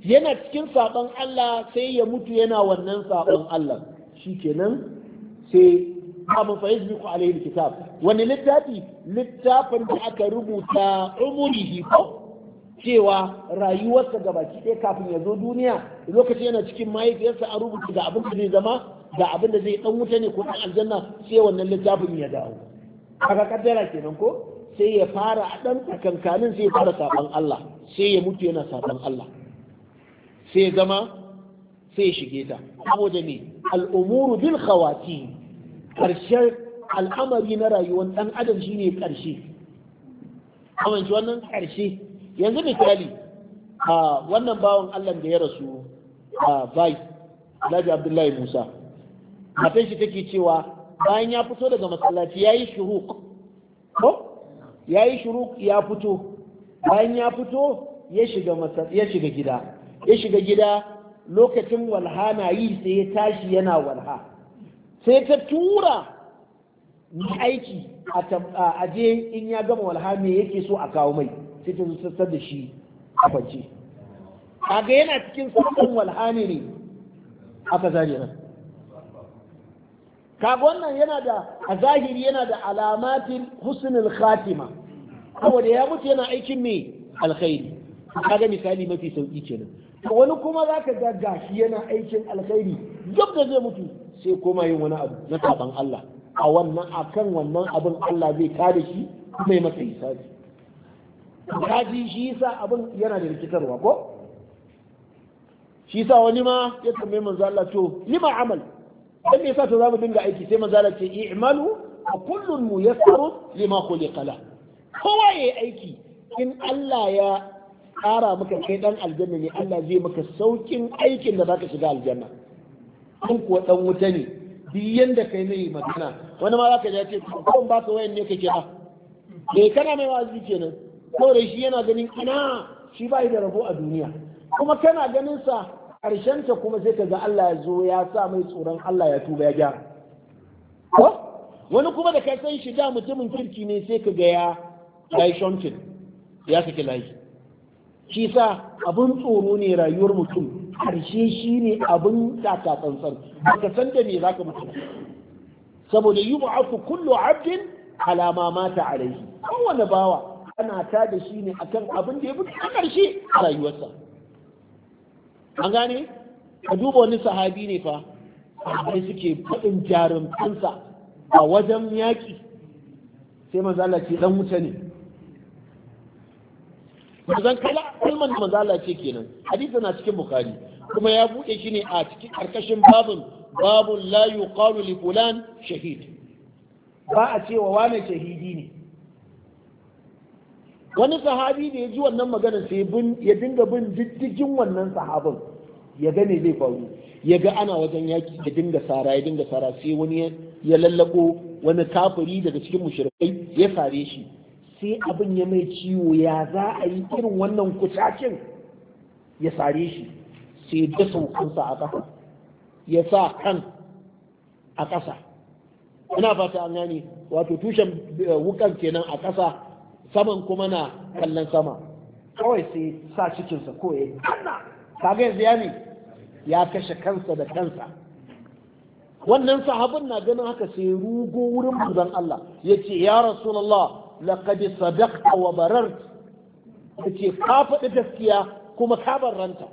yana cikin saban Allah sai ya mutu yana wannan saban Allah shikenan sai abin fa yasbiqu alayhi alkitab wani littafi littafin da aka rubuta umurihi ko cewa rayuwarsa ga baki ɗaya kafin ya zo duniya lokacin yana cikin mahaifiyarsa a rubuta ga abin da zai zama ga abin da zai dan wuta ne ko dan aljanna sai wannan littafin ya dawo kaga kaddara kenan ko sai ya fara a dan kankanin sai ya fara saban Allah sai ya mutu yana saban Allah sai ya zama sai ya shige ta saboda al'umuru bil khawati karshen al'amari na rayuwar dan adam shine karshe amince wannan karshe yanzu misali a wannan bawan Allah da ya rasu a bai Alhaji Abdullahi Musa matan shi take cewa bayan ya fito daga masallaci yayi shuruk ko yayi shuruk ya fito bayan ya fito ya shiga ya shiga gida ya shiga gida lokacin walha na yi sai ya tashi yana walha sai ta tura mai aiki a je in ya gama walha me yake so a kawo mai sai ta da shi a kwance kaga yana cikin sassan walhani ne aka zare nan kaga wannan yana da a zahiri yana da alamatin husnul khatima saboda ya mutu yana aikin mai alkhairi kaga misali mafi sauki kenan wani kuma za ka ga gashi yana aikin alkhairi duk da zai mutu sai koma yin wani abu na saban Allah a wannan akan wannan abin Allah zai kada shi mai masa hisabi ya ji shi yasa abin yana da rikitarwa ko shi yasa wani ma ya tambaye manzo Allah to ma amal dan me yasa to zamu dinga aiki sai manzo Allah ce i'malu wa kullun muyassar lima khuliqa la kowa yayi aiki in Allah ya kara maka kai dan aljanna ne Allah zai maka saukin aikin da zaka shiga aljanna kun kuwa dan wuta ne duk yanda kai ne magana wani ma zaka ji ya ce ko ban baka wayan ne kake ba me eh, kana mai wazi kenan saboda shi yana ganin ina shi bai da rabo a duniya kuma kana ganin sa karshen ta kuma sai ka ga Allah ya zo ya sa mai tsoron Allah ya tuba ya gyara ko wani kuma da ka san shi da mutumin kirki ne sai ka ga ya dai shontin ya saki layi shi sa abin tsoro ne rayuwar mutum karshe shi ne abin taka tsantsan ka san da me zaka mutu saboda yu'afu kullu abdin alama mata alaihi kowane bawa ana ta da shi ne akan abin da ya fi a ƙarshe a rayuwarsa an gane ka duba wani sahabi ne fa sahabai suke faɗin jarumtansa a wajen yaƙi sai manzala ce ɗan wuta ne mazan kala kalman da manzala ce kenan hadisi na cikin bukari kuma ya buɗe shi ne a cikin ƙarƙashin babu babun layu yuqalu fulan shahid ba a cewa wane shahidi ne wani sahabi da ya ji wannan magana sai ya dinga bin diddigin wannan sahabin ya gane zai faru ya ga ana wajen yaki ya dinga sara ya dinga sara sai wani ya lallako wani kafiri daga cikin mushrikai ya sare shi sai abin ya mai ciwo ya za a yi irin wannan kucakin ya sare shi sai da saukansa a ƙasa ya sa kan a ƙasa ina fata an gane wato tushen eh, wukan kenan a ƙasa saman kuma na kallon sama kawai sai sa cikinsa ko ya kaga yanzu ya ne ya kashe kansa da kansa wannan sahabin na ganin haka sai rugo wurin manzon Allah ya ce ya rasulullah laqad sadaqta wa barart ce ka faɗi gaskiya kuma ka ranta.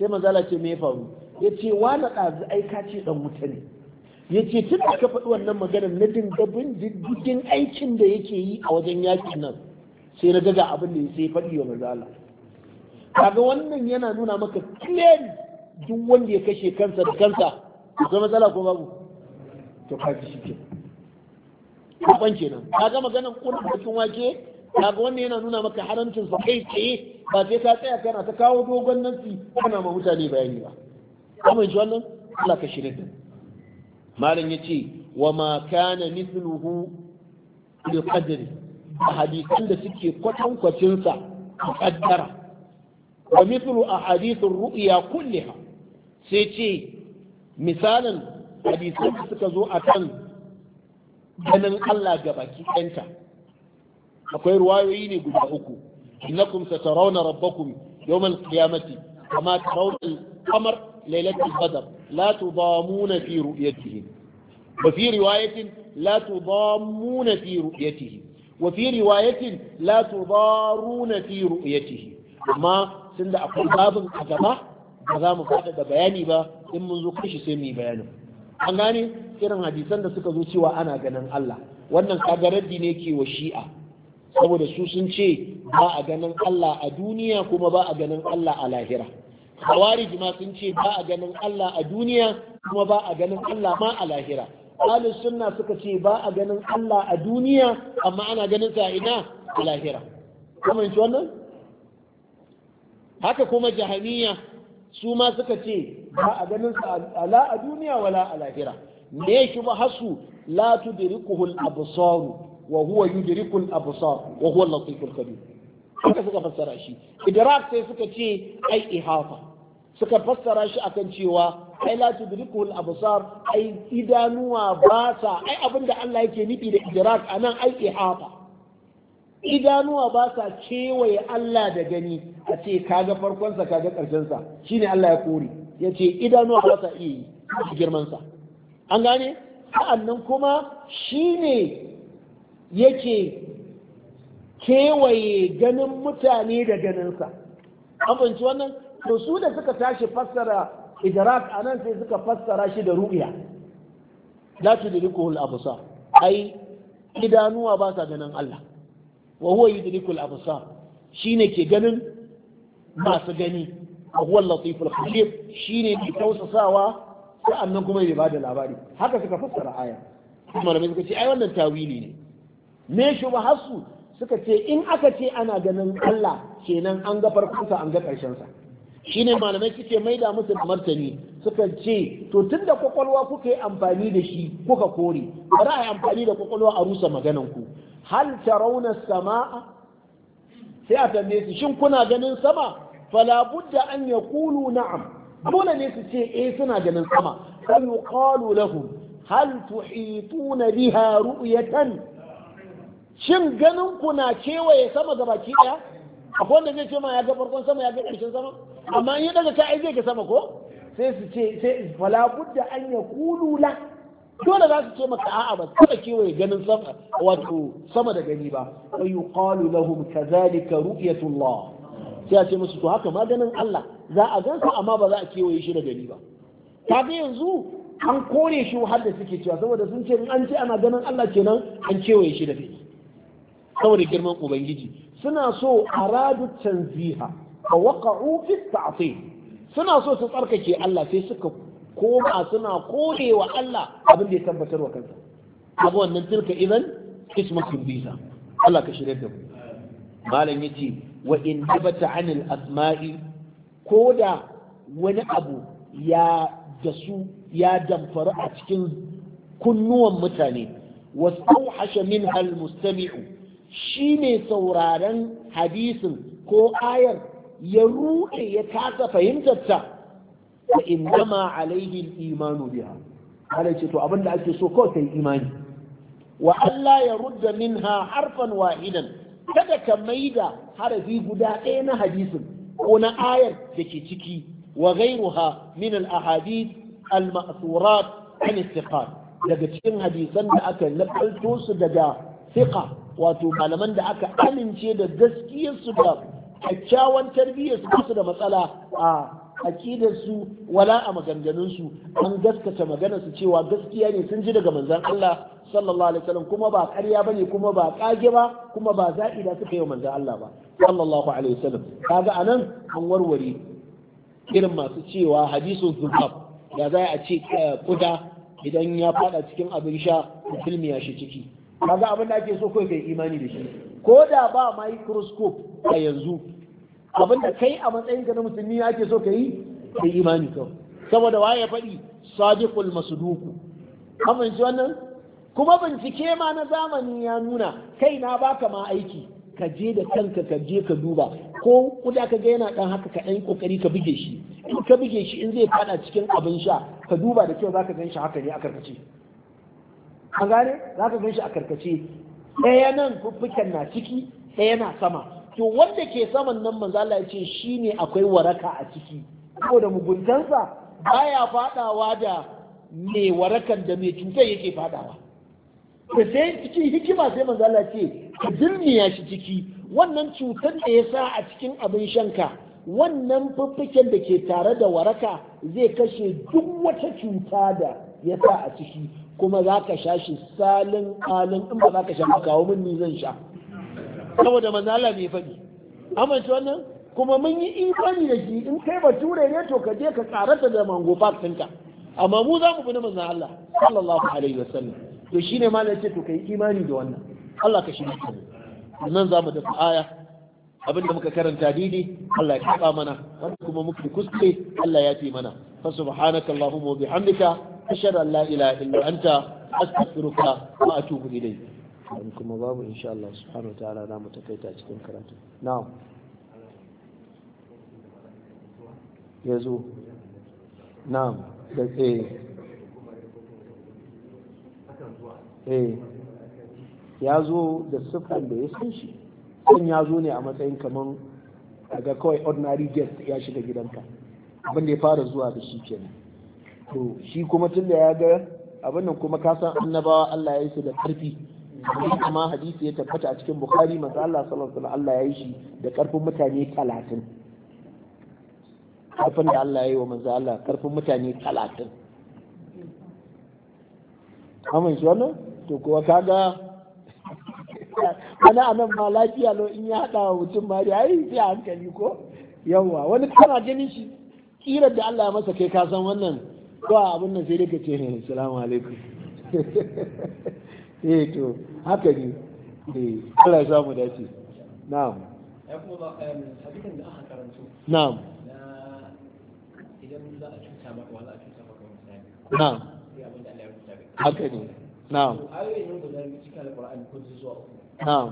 sai manzon Allah ce me faru yace na ɗazu ai ka ce ɗan wuta ne ya ce tun da ka faɗi wannan maganar na dinga bin diddigin aikin da yake yi a wajen yakin nan sai na gaga abin da ya sai faɗi wa mazala Allah kaga wannan yana nuna maka clearly duk wanda ya kashe kansa da kansa akwai matsala ko babu to kaji shi ke ke nan kaga maganar kullum bakin wake kaga wannan yana nuna maka haramcin sa kai tsaye ba sai ka tsaya kana ta kawo dogon nan kana ma mutane bayani ba kuma ji wannan Allah ka shirye malam yace wa ma kana mithluhu bi qadri hadisan da suke kwatankwacin sa kaddara wa mithlu ahadith ar-ru'ya kullaha sai ce misalan hadisan da suka zo akan ganin Allah ga baki ɗanta akwai ruwayoyi ne guda uku innakum satarawna rabbakum yawmal qiyamati kama tarawna al-qamar ليله القدر لا تضامون في رؤيته وفي روايه لا تضامون في رؤيته وفي روايه لا تضارون في رؤيته ما سند اكو باب قدما بزامو فاده ده بياني با ان من زو كشي سي مي بيان an gane irin hadisan da suka zo cewa ana ganin Allah wannan kagaraddi ne ke wa shi'a saboda su sun ce ba a ganin Allah a duniya kuma ba a ganin Allah a lahira hawari ma sun ce ba a ganin Allah a duniya kuma ba a ganin Allah ma a lahira ahlus sunna suka ce ba a ganin Allah a duniya amma ana ganin sa ina a lahira kuma in wannan haka kuma jahaniya su ma suka ce ba a ganin sa ala a duniya wala a lahira me shi ba hasu la tudrikuhu abu absar wa huwa yudriku abu absar wa huwa al haka suka fassara shi idrak sai suka ce ai ihafa suka fassara shi akan cewa ai la tudriku al absar ai idanuwa ba sa ai abinda Allah yake nufi da idrak anan ai ihafa idanuwa ba sa Allah da gani a ce kaga farkonsa kaga sa shine Allah ya kore ya ce idanuwa ba sa iya yi girmansa an gane sa'annan kuma shine yake kewaye ganin mutane da ganinsa amince wannan to su da suka tashi fassara idrak a nan sai suka fassara shi da ru'ya la da al-absar ai idanuwa ba sa ganin Allah wa huwa yudriku al-absar shine ke ganin masu gani wa huwa al-latif al-khabir shine ke tausasawa sa'annan kuma ya bada labari haka suka fassara aya kuma da suka ce ai wannan tawili ne me shubahasu suka ce in aka ce ana ganin Allah kenan an ga farkonsa an ga sa. shi ne malamai suke maida musu da martani suka ce to tun da kwakwalwa kuka yi amfani da shi kuka kore bari a yi amfani da kwakwalwa a rusa maganan ku hal tarawna sama'a sai a tambaye su shin kuna ganin sama fala budda an yaqulu na'am dole ne su ce eh suna ganin sama fa yuqalu lahum hal tuhituna biha ru'yatan shin ganin ku na kewaye sama ga baki daya akwai wanda zai ce ma ya ga farkon sama ya ga ƙarshen sama amma in ya daga ka ai zai ga sama ko sai su ce sai wala budda an ya kulula dole za su ce maka a'a ba kada kewaye ganin sama wato sama da gani ba wa yuqalu lahum kadhalika ru'yatullah sai a ce musu to haka ma ganin Allah za a gansa amma ba za a kewaye shi da gani ba kaga yanzu an kore shi har da suke cewa saboda sun ce in an ce ana ganin Allah kenan an kewaye shi da gani saboda girman ubangiji suna so aradu canziha fa waqa'u fi ta'til suna so su tsarkake Allah sai suka koma suna korewa Allah abin da ya tabbatar wa kansa abu wannan tilka idan kismatun bisa Allah ka shirya da mu malam yace wa in dabata anil asma'i koda wani abu ya dasu ya damfara a cikin kunnuwan mutane wasu hasha min al mustami'u shi ne sauraren hadisin ko ayar ya ruɗe ya kasa fahimtarta ta innama alaihi imanu biha Allah ce to abinda ake so kawai kai imani wa Allah ya rudda minha harfan wahidan kada ka maida harafi guda ɗaya na hadisin ko na ayar da ke ciki wa gairuha min al ahadith al ma'thurat an daga cikin hadisan da aka nakalto su daga siqa wato malaman da aka amince da gaskiyarsu da kyakkyawan tarbiyyarsu ba su da matsala a su wala a maganganunsu an gaskata maganarsu cewa gaskiya ne sun ji daga manzan Allah sallallahu alaihi wasallam kuma ba ƙarya bane kuma ba ƙage ba kuma ba za'ida suka yi manzan Allah ba sallallahu alaihi wasallam kaga anan an warware irin masu cewa hadisun zubab ya za a ce eh, kuda idan ya fada cikin abin sha filmi ya shi ciki kaga abin da ake so kai kai imani da shi ko da ba microscope a yanzu abin da kai a matsayin ka na musulmi ake so kai kai imani kawai saboda waye faɗi sadiqul masduku kaman ji wannan kuma bincike ma na zamani ya nuna kai na baka ma aiki ka je da kanka ka je ka duba ko kuda ka ga yana dan haka ka dan kokari ka buge shi in ka buge shi in zai fada cikin abin sha ka duba da kyau zaka gan shi haka ne a karkace an gane za ka gan shi a karkace ɗaya nan fuffuken na ciki ɗaya na sama to wanda ke saman nan manzo Allah ya ce shine akwai waraka a ciki saboda muguntansa baya fadawa da mai warakan da mai cutar yake fadawa da sai cikin hikima sai manzo Allah ce ka dirniya shi ciki wannan cutar da ya sa a cikin abin shanka wannan fuffuken da ke tare da waraka zai kashe duk wata cuta da ya sa a ciki kuma za ka sha shi salin alin in ba za ka sha ba kawo min ni zan sha saboda manzo Allah faɗi amince wannan kuma mun yi imani da shi in kai bature ne to ka je ka tsarata da mango park ɗinka amma mu za mu bi na manzo Allah sallallahu alaihi wasallam to shine ma ce to kai imani da wannan Allah ka shirya ka nan za mu dafa aya abin da muka karanta didi Allah ya kaba mana wanda kuma muke kuskure Allah ya fi mana fa subhanakallahumma wa bihamdika ashhadu an la ilaha illa anta astaghfiruka wa atubu ilayk dan kuma babu insha Allah subhanahu wataala za mu takaita cikin karatu ya zo da siffan da ya san shi ya zo ne a matsayin kamar daga kawai ordinary guest ya shiga gidanka abin da ya fara zuwa da shi kenan to shi kuma tun da ya ga abin nan kuma ka san annabawa Allah ya yi su da karfi amma hadisi ya tabbata a cikin bukhari masu Allah sallallahu alaihi Allah ya yi shi da karfin mutane talatin. karfin da Allah ya yi wa manzo Allah karfin mutane talatin. amma shi wannan to kuwa kaga wani anan ma lafiya lo in ya haɗa wa mutum ma da yayi sai hankali ko yawa wani kana ganin shi kirar da Allah ya masa kai ka san wannan ba abin nan sai dai ka ce salamu alaikum eh to haka ne eh Allah ya dace na'am ya kuma ba hadisin da aka karanto na'am idan za a cuta maka wala a cuta maka Na. na'am haka ne na'am ayoyin nan guda biyu cikin alqur'ani ko zuwa uku na'am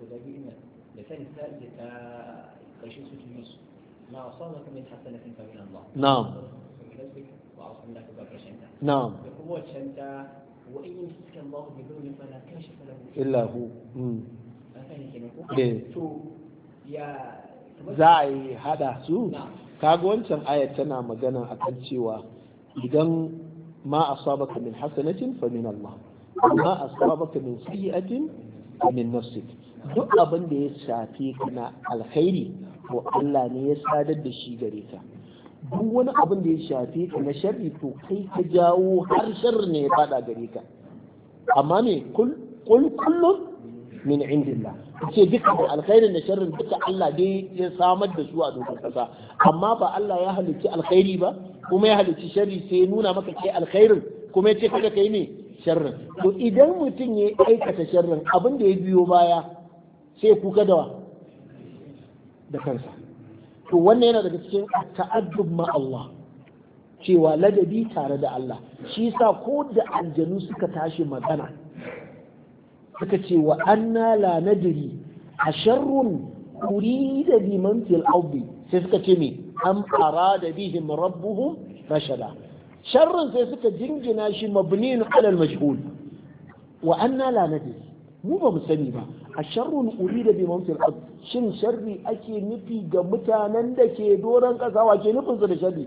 guda biyu ne da sani ta da ta karshen su na hasanatin Allah na'am na'am mm. eh. za a yi hada su wancan ayar tana magana akan cewa idan ma asabaka min fa ma min min duk abin da ya shafi kana alkhairi to Allah ne ya sadar da shi gare ka duk wani abin da ya shafi ka na sharri to kai ka jawo har shar ne ya fada gare ka amma me kul kullun min indillah ce duka da alkhairin da sharrin duka Allah dai ya samar da su a dokar kasa amma ba Allah ya halicci alkhairi ba kuma ya halicci sharri sai nuna maka kai alkhairin kuma ya ce kaga kai ne sharrin to idan mutum ya aikata sharrin abin da ya biyo baya sai kuka da da kansa to wannan yana daga cikin ta'addub ma Allah cewa ladabi tare da Allah shi yasa ko da aljanu suka tashi magana suka ce wa anna la nadri a sharrun kuri da man fil ardi sai suka ce me am arada bihim rabbuhum rashada sharrun sai suka jingina shi mabnin ala al majhul wa anna la nadri mu ba mu sani ba a sharrun uri da man fil shin sharri ake nufi ga mutanen da ke doron kasa wa ke nufin su da sharri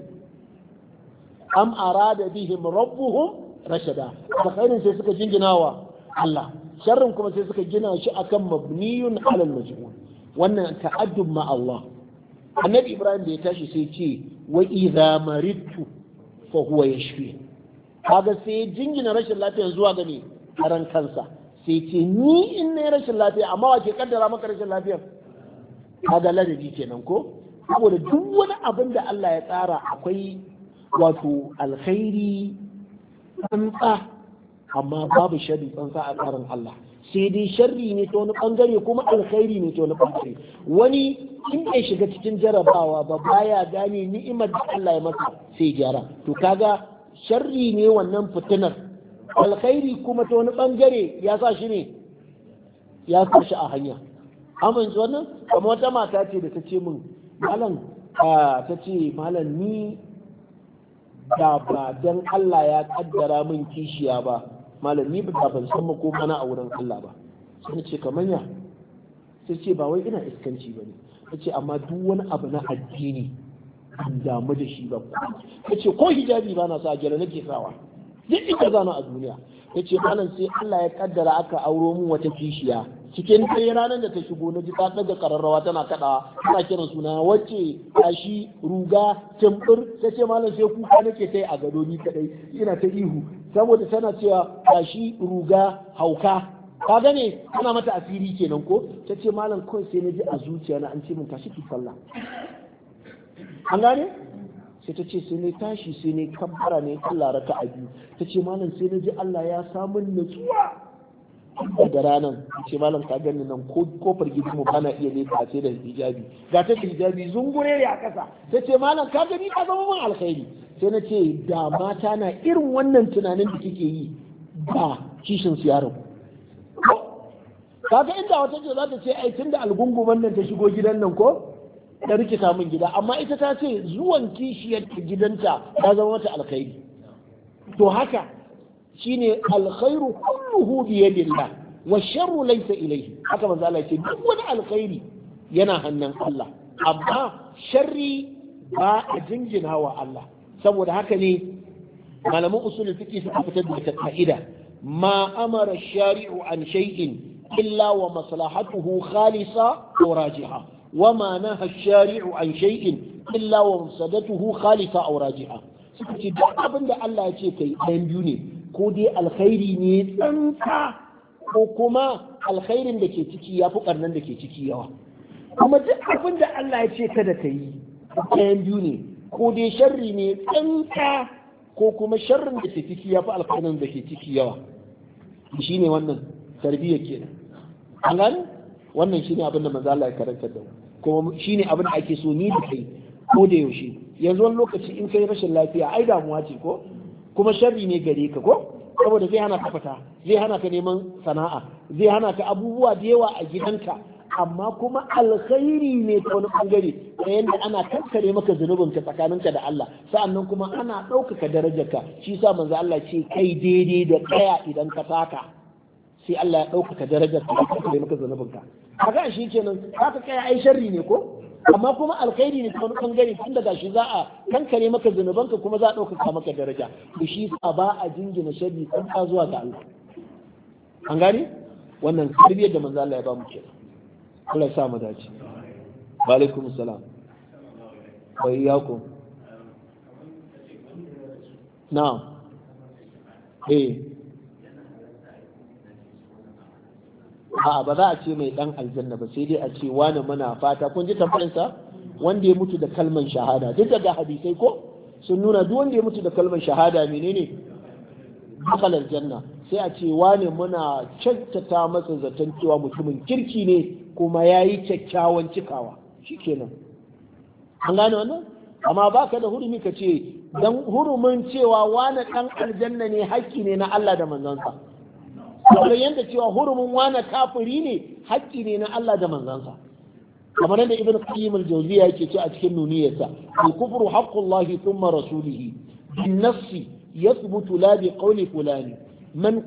am arada bihim rabbuhum rashada alkhairin sai suka jinginawa Allah sharrin kuma sai suka gina shi akan mabniyun alal majhul wannan ta'addub ma Allah annabi Ibrahim da ya tashi sai ce wa idza maridtu fa huwa yashfi kaga sai jingina rashin lafiya zuwa ga ne karan kansa sai ce ni in na rashin lafiya amma wa ke kaddara maka rashin lafiyar kaga ladabi kenan ko saboda duk wani abin da Allah ya tsara akwai wato alkhairi tsantsa amma babu sharri tsantsa a tsarin Allah sai dai sharri ne ta wani bangare kuma alkhairi ne ta wani bangare wani in bai shiga cikin jarabawa ba baya gane ni'imar da Allah ya masa sai gyara to kaga sharri ne wannan fitinar alkhairi kuma ta wani bangare ya sa shi ne ya sa shi a hanya amince wannan kamar wata mata ce da ta ce min malam ta ce malam ni da ba dan Allah ya kaddara min kishiya ba malam ni ba ban san mu ko mana a wurin Allah ba sai ce kamar ya sai ce ba wai ina iskanci ba ne ta ce amma duk wani abu na addini an damu da shi ba ta ce ko hijabi ba na sa gyara nake sawa duk ita a duniya ya ce malam sai Allah ya kaddara aka auro mun wata kishiya cikin ɗaya ranar da ta shigo na ji ta da kararrawa tana kaɗawa. tana kiran suna wacce kashi, ruga tambur ta ce malam sai kuka nake yi a gado ni kadai ina ta ihu saboda tana cewa kashi, ruga hauka ka gane ana mata asiri kenan ko ta ce malam kawai sai na ji a zuciya na an ce min tashi ki sallah an gane sai ta ce sai ne tashi sai ne kabbara ne Allah raka a biyu ta ce malam sai na ji Allah ya samun nutsuwa daga ranar ce malam ka gani nan ko kofar gidan mu bana iya ne ka da hijabi ga ta hijabi zungure ne a kasa ta ce malam ka gani ka zama mun alkhairi sai na ce da mata na irin wannan tunanin da kike yi ba kishin su yaro kaga inda wata ce za ta ce ai tunda algungu wannan ta shigo gidan nan ko ta rikita min gida amma ita ta ce zuwan kishiyar gidanta ta zama mata alkhairi to haka shine alkhairu kulluhu bi yadillah wa sharru laysa ilayhi haka manzo Allah ce duk wani alkhairi yana hannun Allah amma sharri ba a wa Allah saboda haka ne malaman usulul fiqh suka fitar da ta ka'ida ma amara shari'u an shay'in illa wa maslahatuhu khalisa wa rajiha wama na shari'u an shay'in illa wa mufsadatuhu khalifa aw duk abin da Allah ya ce kai ɗayan biyu ne ko dai alkhairi ne tsantsa ko kuma da ke ciki ya fi ƙarnan da ke ciki yawa kuma duk abin da Allah ya ce kada ka yi ɗayan biyu ne ko dai sharri ne tsantsa ko kuma sharrin da ke ciki ya fi alkhairin da ke ciki yawa shi ne wannan tarbiyya kenan nan? wannan shine abin da manzo Allah ya karanta da kuma shine abin da ake so ni da kai ko da yaushe yanzu wani lokaci in kai rashin lafiya ai damuwa ce ko kuma sharri ne gare ka ko saboda zai hana ka fita zai hana ka neman sana'a zai hana ka abubuwa da yawa a gidanka amma kuma alkhairi ne ta wani bangare ta yadda ana kankare maka zunubin ka tsakaninka da Allah sa'annan kuma ana ɗaukaka darajarka shi sa manzo Allah ce kai daidai da kaya idan ka saka. sai Allah ya ɗaukaka darajar ka da maka zanubin ka haka shi kenan ka kai ai sharri ne ko amma kuma alkhairi ne kuma kan tun tunda gashi za a kankare maka zanubanka kuma za a ɗaukaka maka daraja to shi sa ba a jingina sharri kan ka zuwa ga Allah an gane wannan tarbiyyar da manzo Allah ya ba mu kenan Allah ya sa mu dace wa alaikum salaam. wa iyyakum na'am eh a'a ba za a ce mai dan aljanna ba sai dai a ce wani muna fata kun ji tambayarsa wanda ya mutu da kalman shahada duk daga hadisai ko sun nuna duk wanda ya mutu da kalman shahada menene dakal aljanna sai a ce wani muna kyautata masa zaton cewa mutumin kirki ne kuma yayi kyakkyawan cikawa shikenan an gane wannan amma baka da hurumi ka ce dan hurumin cewa wani dan aljanna ne hakki ne na Allah da manzansa kamar yadda cewa hurumin wani kafiri ne haƙƙi ne na Allah da manzansa kamar yadda ibn qayyim al-jawziya yake ce a cikin nuniyarsa al-kufru haqqullahi thumma rasulihi bin nafsi yathbutu la bi qawli fulani man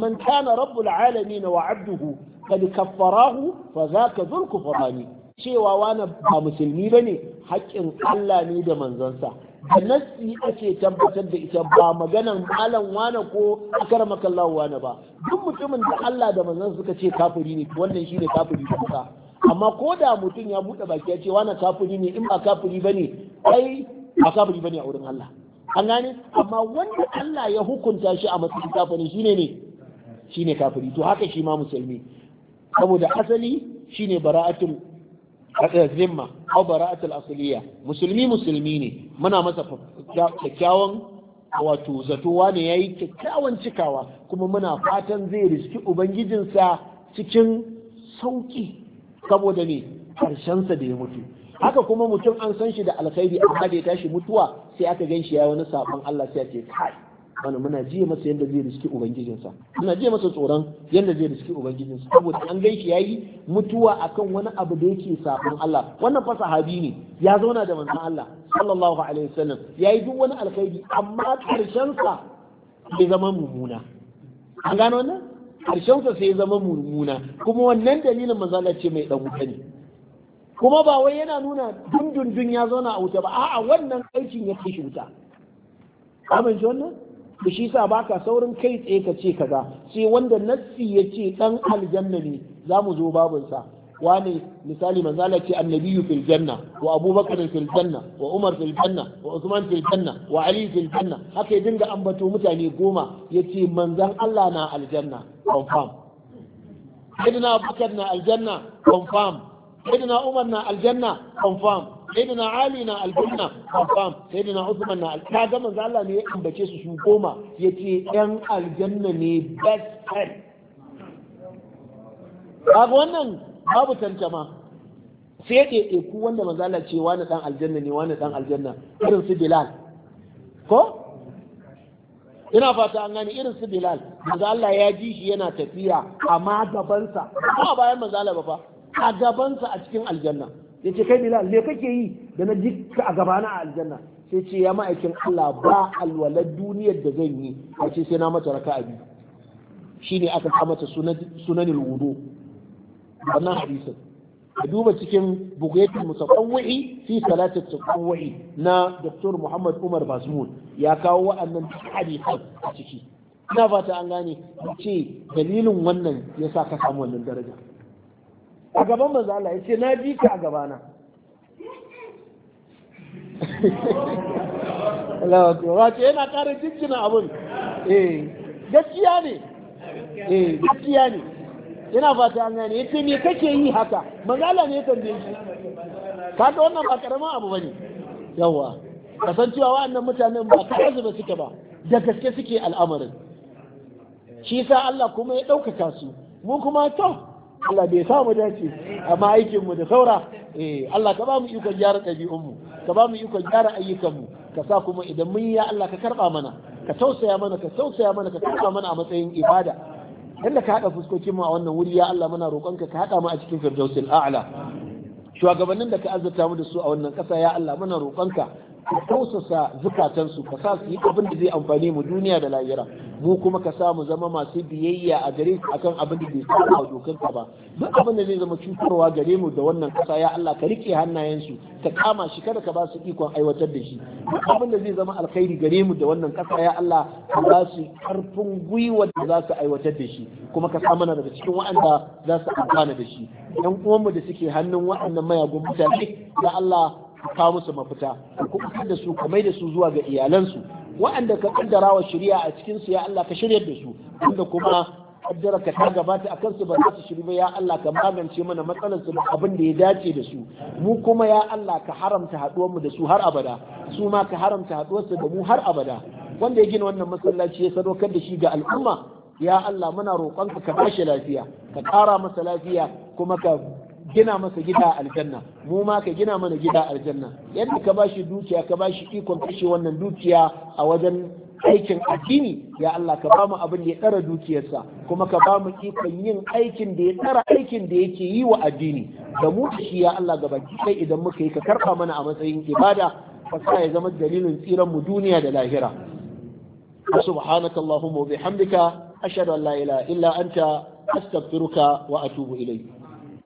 man kana rabbul alamin wa 'abduhu kad kaffarahu fa zaka dhul kufrani cewa wani ba musulmi bane haƙƙin Allah ne da manzansa da nassi ake tabbatar da ita ba maganan malam wane ko akarama Allah wane ba duk mutumin da Allah da manzon suka ce kafiri ne wannan shine kafiri kuka amma ko da mutum ya bude baki ya ce wane kafiri ne in ba kafiri bane ai ba kafiri bane a wurin Allah an gane amma wanda Allah ya hukunta shi a matsayin kafiri shine ne shine kafiri to haka shi ma musulmi saboda asali shine bara'atul zimma au bara'atul asliya musulmi musulmi ne muna masa kyakkyawan wato zato wani yayi kyakkyawan cikawa kuma muna fatan zai riski ubangijinsa cikin sauki saboda ne karshensa da ya mutu haka kuma mutum an san shi da alkhairi amma da ya tashi mutuwa sai aka gan shi ya wani sabon Allah sai ya ce kai wani muna jiya masa yadda zai riski ubangijinsa muna jiya masa tsoron yadda zai riski ubangijinsa saboda an gan shi yayi mutuwa akan wani abu da yake sabon Allah wannan fa sahabi ne ya zauna da manzon Allah sallallahu alaihi wasallam yayi duk wani alkhairi amma karshen sa bai zama mumuna an gano wannan karshen sa sai zama mumuna kuma wannan dalilin manzon ce mai dan wuta ne kuma ba wai yana nuna dundundun ya zauna a wuta ba a'a wannan aikin ya kai shi wuta amince wannan to shi sa baka saurin kai tsaye ka ce kaza sai wanda nassi ya ce dan aljanna ne za mu zo babinsa wane misali manzala ce annabiyu fil janna wa abubakar fil janna wa umar fil janna wa usman fil janna wa ali fil janna haka ya dinga ambato mutane goma yace manzan Allah na aljanna confirm sayyidina abubakar na aljanna confirm sayyidina umar na aljanna confirm sayyidina ali na aljanna confirm sayyidina usman na aljanna ga manzo Allah ne ya ambace su su goma yace yan aljanna ne best friend kaga wannan babu tantama sai ya ɗaiɗe ku wanda manzo Allah ce wani dan aljanna ne wani dan aljanna irin su bilal ko ina fata an gani irin su bilal manzo Allah ya ji shi yana tafiya amma gabansa ba bayan manzo Allah ba fa a gabansa a cikin aljanna ya ce kai bilal me kake yi da na jikka a gabana a aljanna sai ce ya ma'aikin Allah ba alwala duniyar da zan yi a ce sai na mata raka a biyu shi ne aka kama ta sunanin wudu wannan hadisin a duba cikin bugayatul musawwi'i fi salatat tasawwi na Dr. Muhammad Umar Basmul ya kawo wa'annan hadisan a ciki ina fata an gane ce dalilin wannan ya sa ka samu wannan daraja a gaban manzo Allah ya ce na ji ka a gabana Wace ya ce yana ƙara jinjina abin eh gaskiya ne eh gaskiya ne yana fata an gane ce me kake yi haka mazala ne ya tambaye shi kaga wannan ba karaman abu bane yawa kasancewa wa'annan mutanen ba ka ba suke ba da gaske suke al'amarin shi sa Allah kuma ya ɗaukaka su mu kuma to Allah bai sa mu dace amma aikin da saura eh, Allah ka ba mu ikon gyara ɗabi'unmu, ka ba mu ikon gyara ayyukan mu ka sa kuma idan mun yi ya Allah ka karɓa mana ka tausaya mana ka tausaya mana ka karɓa mana a matsayin ibada yanda ka haɗa fuskokin mu a wannan wuri ya Allah muna roƙonka ka haɗa mu a cikin firdausil a'la shugabannin da ka azurta mu da su a wannan ƙasa ya Allah muna roƙonka ka tausasa zukatansu ka sa su yi abin da zai amfani mu duniya da lahira mu kuma ka sa mu zama masu biyayya a gare su akan abin da bai saba a dokanka ba duk abin da zai zama cutarwa gare mu da wannan kasa ya Allah ka rike hannayensu ka kama shi kada ka ba su ikon aiwatar da shi duk abin da zai zama alkhairi gare mu da wannan kasa ya Allah ka ba su karfin gwiwa da za su aiwatar da shi kuma ka sa mana daga cikin waɗanda za su amfana da shi yan uwanmu da suke hannun waɗannan mayagun mutane ya Allah kawo musu mafita Kuma kubutar da su ka mai da su zuwa ga iyalansu Waɗanda ka kaddara wa shari'a a cikinsu, ya Allah ka shirya da su wanda kuma kaddara ka ta gabata a kansu ba za su shiri ba ya Allah ka magance mana matsalar su abin da ya dace da su mu kuma ya Allah ka haramta haɗuwar mu da su har abada su ma ka haramta haduwar su da mu har abada wanda ya gina wannan masallaci ya sadaukar da shi ga al'umma ya Allah muna roƙonka ka bashi lafiya ka ƙara masa lafiya kuma ka gina masa gida aljanna mu ma ka gina mana gida a aljanna yadda ka bashi dukiya ka bashi ikon kashe wannan dukiya a wajen aikin addini ya Allah ka bamu abin da ya tsara dukiyarsa kuma ka bamu ikon yin aikin da ya tsara aikin da yake yi wa addini da mu shi ya Allah gaba sai idan muka yi ka karba mana a matsayin ibada fa ya zama dalilin tsiran mu duniya da lahira subhanaka allahumma wa bihamdika ashhadu an la ilaha illa anta astaghfiruka wa atubu ilayk